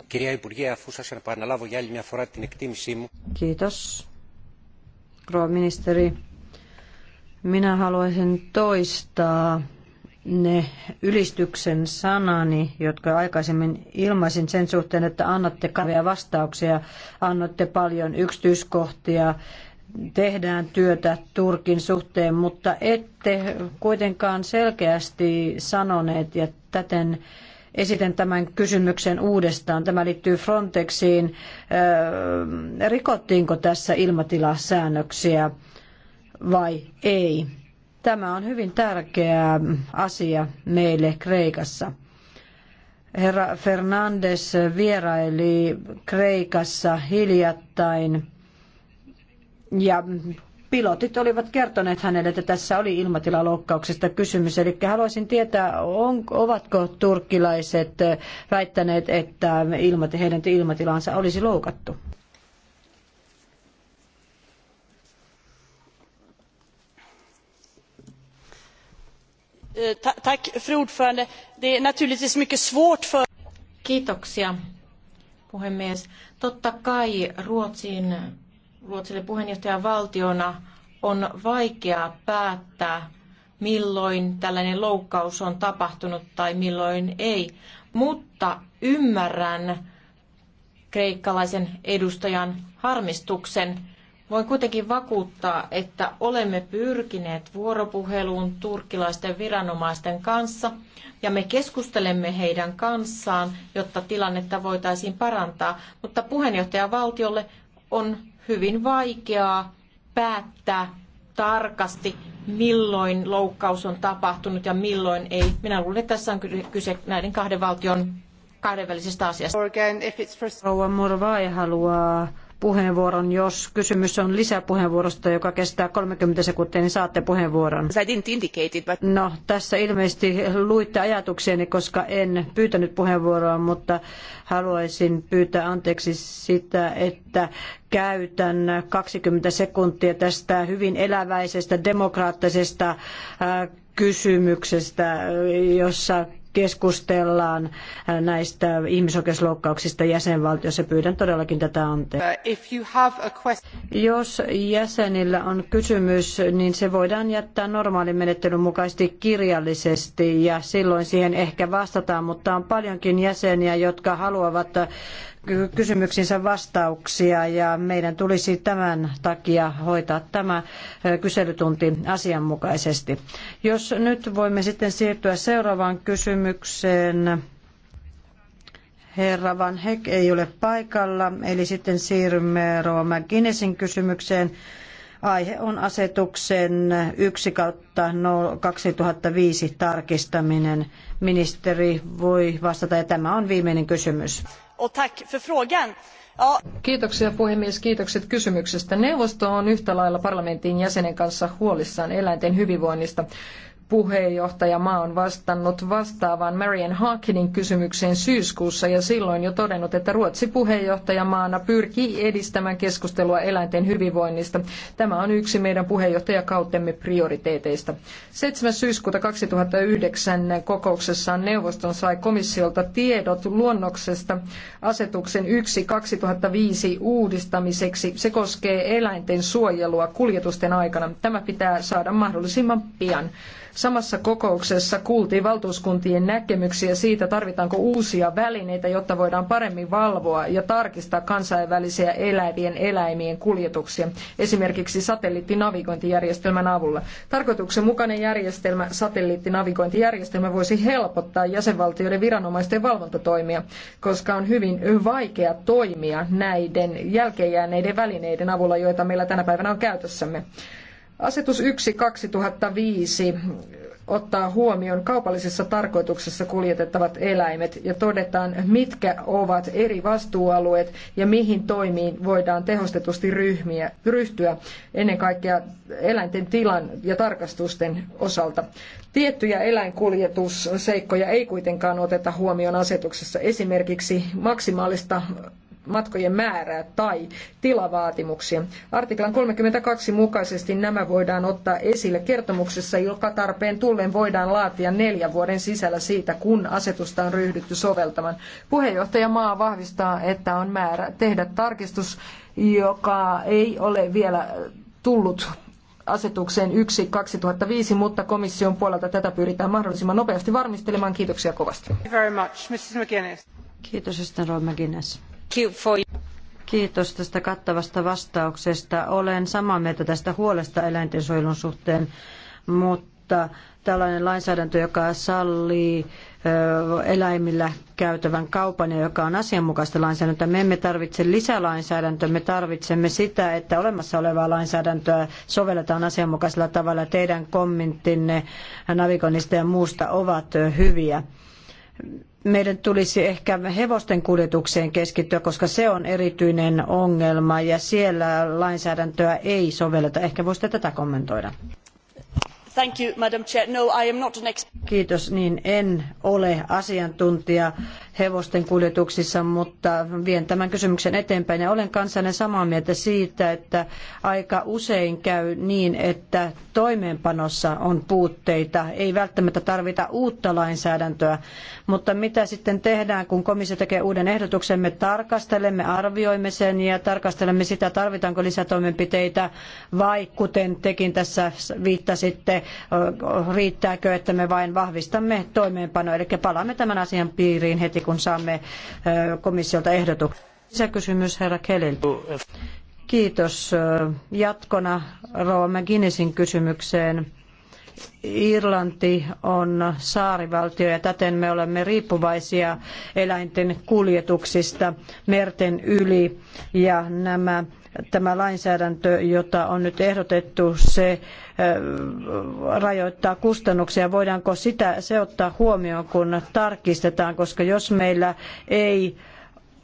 Κυρία Υπουργέ, αφού σας επαναλάβω για άλλη μια φορά την εκτίμησή μου. Rouva ministeri, minä haluaisin toistaa ne ylistyksen sanani, jotka aikaisemmin ilmaisin sen suhteen, että annatte kavia vastauksia, annatte paljon yksityiskohtia tehdään työtä Turkin suhteen, mutta ette kuitenkaan selkeästi sanoneet ja täten esitän tämän kysymyksen uudestaan. Tämä liittyy Frontexiin. Äh, rikottiinko tässä ilmatilasäännöksiä vai ei? Tämä on hyvin tärkeä asia meille Kreikassa. Herra Fernandes vieraili Kreikassa hiljattain – ja pilotit olivat kertoneet hänelle, että tässä oli ilmatilaloukkauksesta kysymys. Eli haluaisin tietää, on, ovatko turkkilaiset väittäneet, että ilmat, heidän ilmatilansa olisi loukattu? Eh, fru talman! Det är naturligtvis mycket svårt för... Kiitoksia, puhemies. Totta kai Ruotsin Ruotsille puheenjohtajavaltiona on vaikea päättää, milloin tällainen loukkaus on tapahtunut tai milloin ei. Mutta ymmärrän kreikkalaisen edustajan harmistuksen. Voin kuitenkin vakuuttaa, että olemme pyrkineet vuoropuheluun turkkilaisten viranomaisten kanssa ja me keskustelemme heidän kanssaan, jotta tilannetta voitaisiin parantaa, mutta puheenjohtajavaltiolle on hyvin vaikeaa päättää tarkasti, milloin loukkaus on tapahtunut ja milloin ei. Minä luulen, että tässä on kyse näiden kahden valtion kahdenvälisestä asiasta. Rouva Morvai haluaa puheenvuoron. Jos kysymys on lisäpuheenvuorosta, joka kestää 30 sekuntia, niin saatte puheenvuoron. No, tässä ilmeisesti luitte ajatuksieni, koska en pyytänyt puheenvuoroa, mutta haluaisin pyytää anteeksi sitä, että käytän 20 sekuntia tästä hyvin eläväisestä, demokraattisesta äh, kysymyksestä, jossa keskustellaan näistä ihmisoikeusloukkauksista jäsenvaltiossa. Pyydän todellakin tätä anteeksi. Uh, Jos jäsenillä on kysymys, niin se voidaan jättää normaalin menettelyn mukaisesti kirjallisesti ja silloin siihen ehkä vastataan, mutta on paljonkin jäseniä, jotka haluavat kysymyksinsä vastauksia ja meidän tulisi tämän takia hoitaa tämä kyselytunti asianmukaisesti. Jos nyt voimme sitten siirtyä seuraavaan kysymykseen. Herra Van Heck ei ole paikalla, eli sitten siirrymme Rova McGinnesin kysymykseen. Aihe on asetuksen 1 kautta 2005 no, tarkistaminen. Ministeri voi vastata ja tämä on viimeinen kysymys. Kiitoksia puhemies, kiitokset kysymyksestä. Neuvosto on yhtä lailla parlamentin jäsenen kanssa huolissaan eläinten hyvinvoinnista puheenjohtajamaa on vastannut vastaavaan Marian Harkinin kysymykseen syyskuussa ja silloin jo todennut, että Ruotsi puheenjohtajamaana pyrkii edistämään keskustelua eläinten hyvinvoinnista. Tämä on yksi meidän puheenjohtajakautemme prioriteeteista. 7. syyskuuta 2009 kokouksessaan neuvoston sai komissiolta tiedot luonnoksesta asetuksen 1 2005 uudistamiseksi. Se koskee eläinten suojelua kuljetusten aikana. Tämä pitää saada mahdollisimman pian. Samassa kokouksessa kuultiin valtuuskuntien näkemyksiä siitä, tarvitaanko uusia välineitä, jotta voidaan paremmin valvoa ja tarkistaa kansainvälisiä elävien eläimien kuljetuksia, esimerkiksi satelliittinavigointijärjestelmän avulla. Tarkoituksenmukainen järjestelmä, satelliittinavigointijärjestelmä, voisi helpottaa jäsenvaltioiden viranomaisten valvontatoimia, koska on hyvin vaikea toimia näiden jälkeenjääneiden välineiden avulla, joita meillä tänä päivänä on käytössämme. Asetus 1 2005 ottaa huomioon kaupallisessa tarkoituksessa kuljetettavat eläimet ja todetaan, mitkä ovat eri vastuualueet ja mihin toimiin voidaan tehostetusti ryhmiä, ryhtyä ennen kaikkea eläinten tilan ja tarkastusten osalta. Tiettyjä eläinkuljetusseikkoja ei kuitenkaan oteta huomioon asetuksessa, esimerkiksi maksimaalista matkojen määrää tai tilavaatimuksia. Artiklan 32 mukaisesti nämä voidaan ottaa esille kertomuksessa, joka tarpeen tullen voidaan laatia neljän vuoden sisällä siitä, kun asetusta on ryhdytty soveltamaan. Puheenjohtajamaa vahvistaa, että on määrä tehdä tarkistus, joka ei ole vielä tullut asetukseen 1 2005, mutta komission puolelta tätä pyritään mahdollisimman nopeasti varmistelemaan. Kiitoksia kovasti. Kiitos, McGuinness. Kiitos tästä kattavasta vastauksesta. Olen samaa mieltä tästä huolesta eläintensuojelun suhteen, mutta tällainen lainsäädäntö, joka sallii eläimillä käytävän kaupan ja joka on asianmukaista lainsäädäntöä. Me emme tarvitse lisälainsäädäntöä, me tarvitsemme sitä, että olemassa olevaa lainsäädäntöä sovelletaan asianmukaisella tavalla. Teidän kommenttinne navigoinnista ja muusta ovat hyviä meidän tulisi ehkä hevosten kuljetukseen keskittyä, koska se on erityinen ongelma ja siellä lainsäädäntöä ei sovelleta. Ehkä voisitte tätä kommentoida. Thank you, Madam Chair. No, I am not an expert. Kiitos, niin en ole asiantuntija hevosten kuljetuksissa, mutta vien tämän kysymyksen eteenpäin. Ja olen kanssanne samaa mieltä siitä, että aika usein käy niin, että toimeenpanossa on puutteita. Ei välttämättä tarvita uutta lainsäädäntöä, mutta mitä sitten tehdään, kun komissio tekee uuden ehdotuksen, me tarkastelemme, arvioimme sen ja tarkastelemme sitä, tarvitaanko lisätoimenpiteitä vai kuten tekin tässä viittasitte, riittääkö, että me vain vahvistamme toimeenpanoa. Eli palaamme tämän asian piiriin heti, kun saamme komissiolta ehdotuksen. Lisäkysymys herra Kelil. Kiitos. Jatkona Rova McGinnisin kysymykseen. Irlanti on saarivaltio ja täten me olemme riippuvaisia eläinten kuljetuksista merten yli ja nämä tämä lainsäädäntö, jota on nyt ehdotettu, se rajoittaa kustannuksia. Voidaanko sitä se ottaa huomioon, kun tarkistetaan, koska jos meillä ei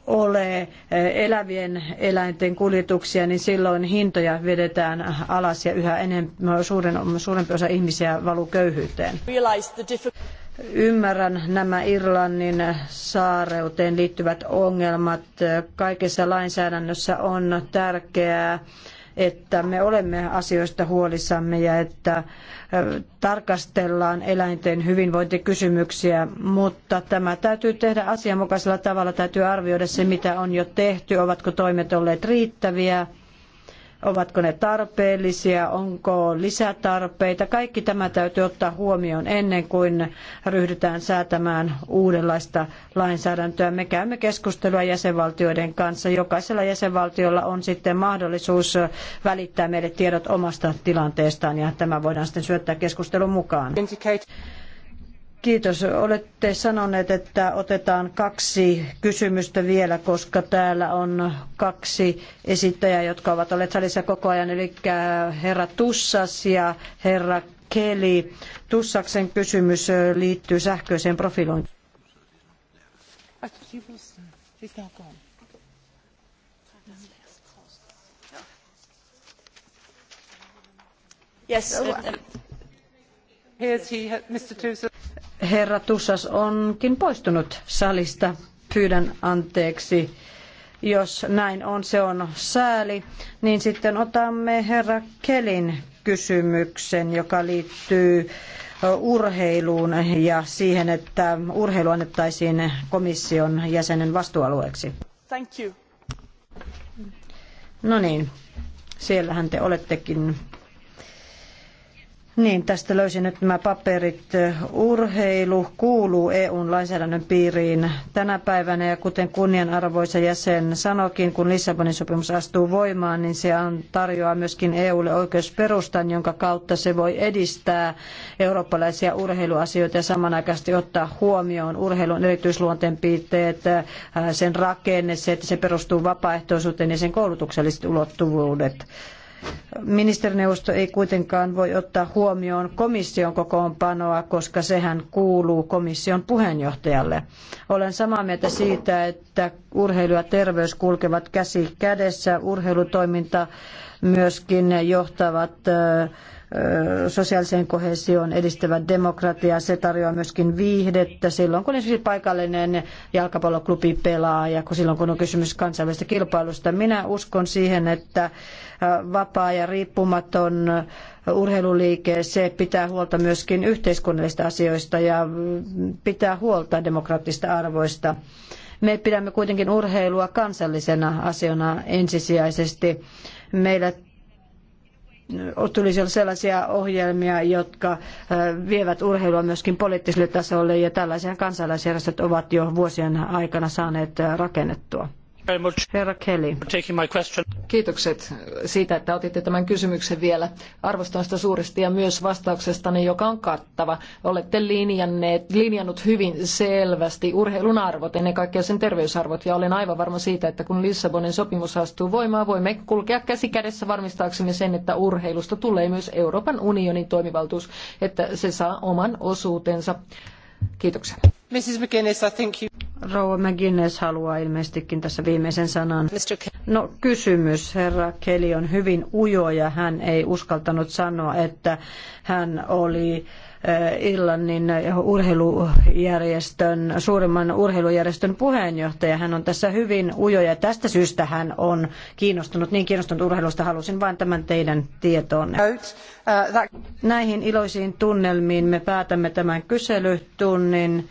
ole elävien eläinten kuljetuksia, niin silloin hintoja vedetään alas ja yhä enemmän, suurempi osa ihmisiä valuu köyhyyteen. Ymmärrän nämä Irlannin saareuteen liittyvät ongelmat. Kaikessa lainsäädännössä on tärkeää, että me olemme asioista huolissamme ja että tarkastellaan eläinten hyvinvointikysymyksiä, mutta tämä täytyy tehdä asianmukaisella tavalla. Täytyy arvioida se, mitä on jo tehty, ovatko toimet olleet riittäviä ovatko ne tarpeellisia, onko lisätarpeita. Kaikki tämä täytyy ottaa huomioon ennen kuin ryhdytään säätämään uudenlaista lainsäädäntöä. Me käymme keskustelua jäsenvaltioiden kanssa. Jokaisella jäsenvaltiolla on sitten mahdollisuus välittää meille tiedot omasta tilanteestaan ja tämä voidaan sitten syöttää keskustelun mukaan. Kiitos. Olette sanoneet, että otetaan kaksi kysymystä vielä, koska täällä on kaksi esittäjää, jotka ovat olleet salissa koko ajan, eli herra Tussas ja herra Keli. Tussaksen kysymys liittyy sähköiseen profilointiin. Yes, uh, Herra Tussas onkin poistunut salista. Pyydän anteeksi. Jos näin on, se on sääli. Niin sitten otamme herra Kelin kysymyksen, joka liittyy urheiluun ja siihen, että urheilu annettaisiin komission jäsenen vastuualueeksi. Thank you. No niin, siellähän te olettekin niin, tästä löysin nyt nämä paperit. Urheilu kuuluu EUn lainsäädännön piiriin tänä päivänä ja kuten kunnianarvoisa jäsen sanokin, kun Lissabonin sopimus astuu voimaan, niin se tarjoaa myöskin EUlle oikeusperustan, jonka kautta se voi edistää eurooppalaisia urheiluasioita ja samanaikaisesti ottaa huomioon urheilun erityisluonteen piirteet, äh, sen rakenne, se, että se perustuu vapaaehtoisuuteen ja sen koulutukselliset ulottuvuudet. Ministerineuvosto ei kuitenkaan voi ottaa huomioon komission kokoonpanoa, koska sehän kuuluu komission puheenjohtajalle. Olen samaa mieltä siitä, että urheilu ja terveys kulkevat käsi kädessä. Urheilutoiminta myöskin johtavat äh, sosiaaliseen kohesioon edistävä demokratia. Se tarjoaa myöskin viihdettä silloin, kun esimerkiksi paikallinen jalkapalloklubi pelaa ja kun silloin, kun on kysymys kansainvälisestä kilpailusta. Minä uskon siihen, että vapaa ja riippumaton urheiluliike, se pitää huolta myöskin yhteiskunnallisista asioista ja pitää huolta demokraattista arvoista. Me pidämme kuitenkin urheilua kansallisena asiana ensisijaisesti. Meillä tuli sellaisia ohjelmia, jotka vievät urheilua myöskin poliittiselle tasolle ja tällaisia kansalaisjärjestöt ovat jo vuosien aikana saaneet rakennettua. Herra Kelly. Kiitokset siitä, että otitte tämän kysymyksen vielä. Arvostan sitä suuresti ja myös vastauksestani, joka on kattava. Olette linjanneet, linjannut hyvin selvästi urheilun arvot, ennen kaikkea sen terveysarvot, ja olen aivan varma siitä, että kun Lissabonin sopimus astuu voimaan, voimme kulkea käsi kädessä varmistaaksemme sen, että urheilusta tulee myös Euroopan unionin toimivaltuus, että se saa oman osuutensa. Kiitoksia. McGuinness, Rouva McGuinness haluaa ilmeisestikin tässä viimeisen sanan. No kysymys. Herra Kelly on hyvin ujo ja hän ei uskaltanut sanoa, että hän oli eh, Irlannin urheilujärjestön, suurimman urheilujärjestön puheenjohtaja. Hän on tässä hyvin ujo ja tästä syystä hän on kiinnostunut, niin kiinnostunut urheilusta. Halusin vain tämän teidän tietoonne. Uh, Näihin iloisiin tunnelmiin me päätämme tämän kyselytunnin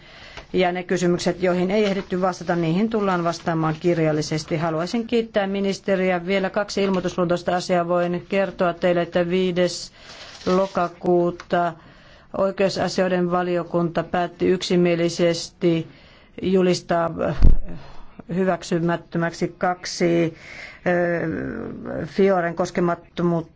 ja ne kysymykset, joihin ei ehditty vastata, niihin tullaan vastaamaan kirjallisesti. Haluaisin kiittää ministeriä. Vielä kaksi ilmoitusluontoista asiaa voin kertoa teille, että 5. lokakuuta oikeusasioiden valiokunta päätti yksimielisesti julistaa eh, hyväksymättömäksi kaksi eh, Fioren koskemattomuutta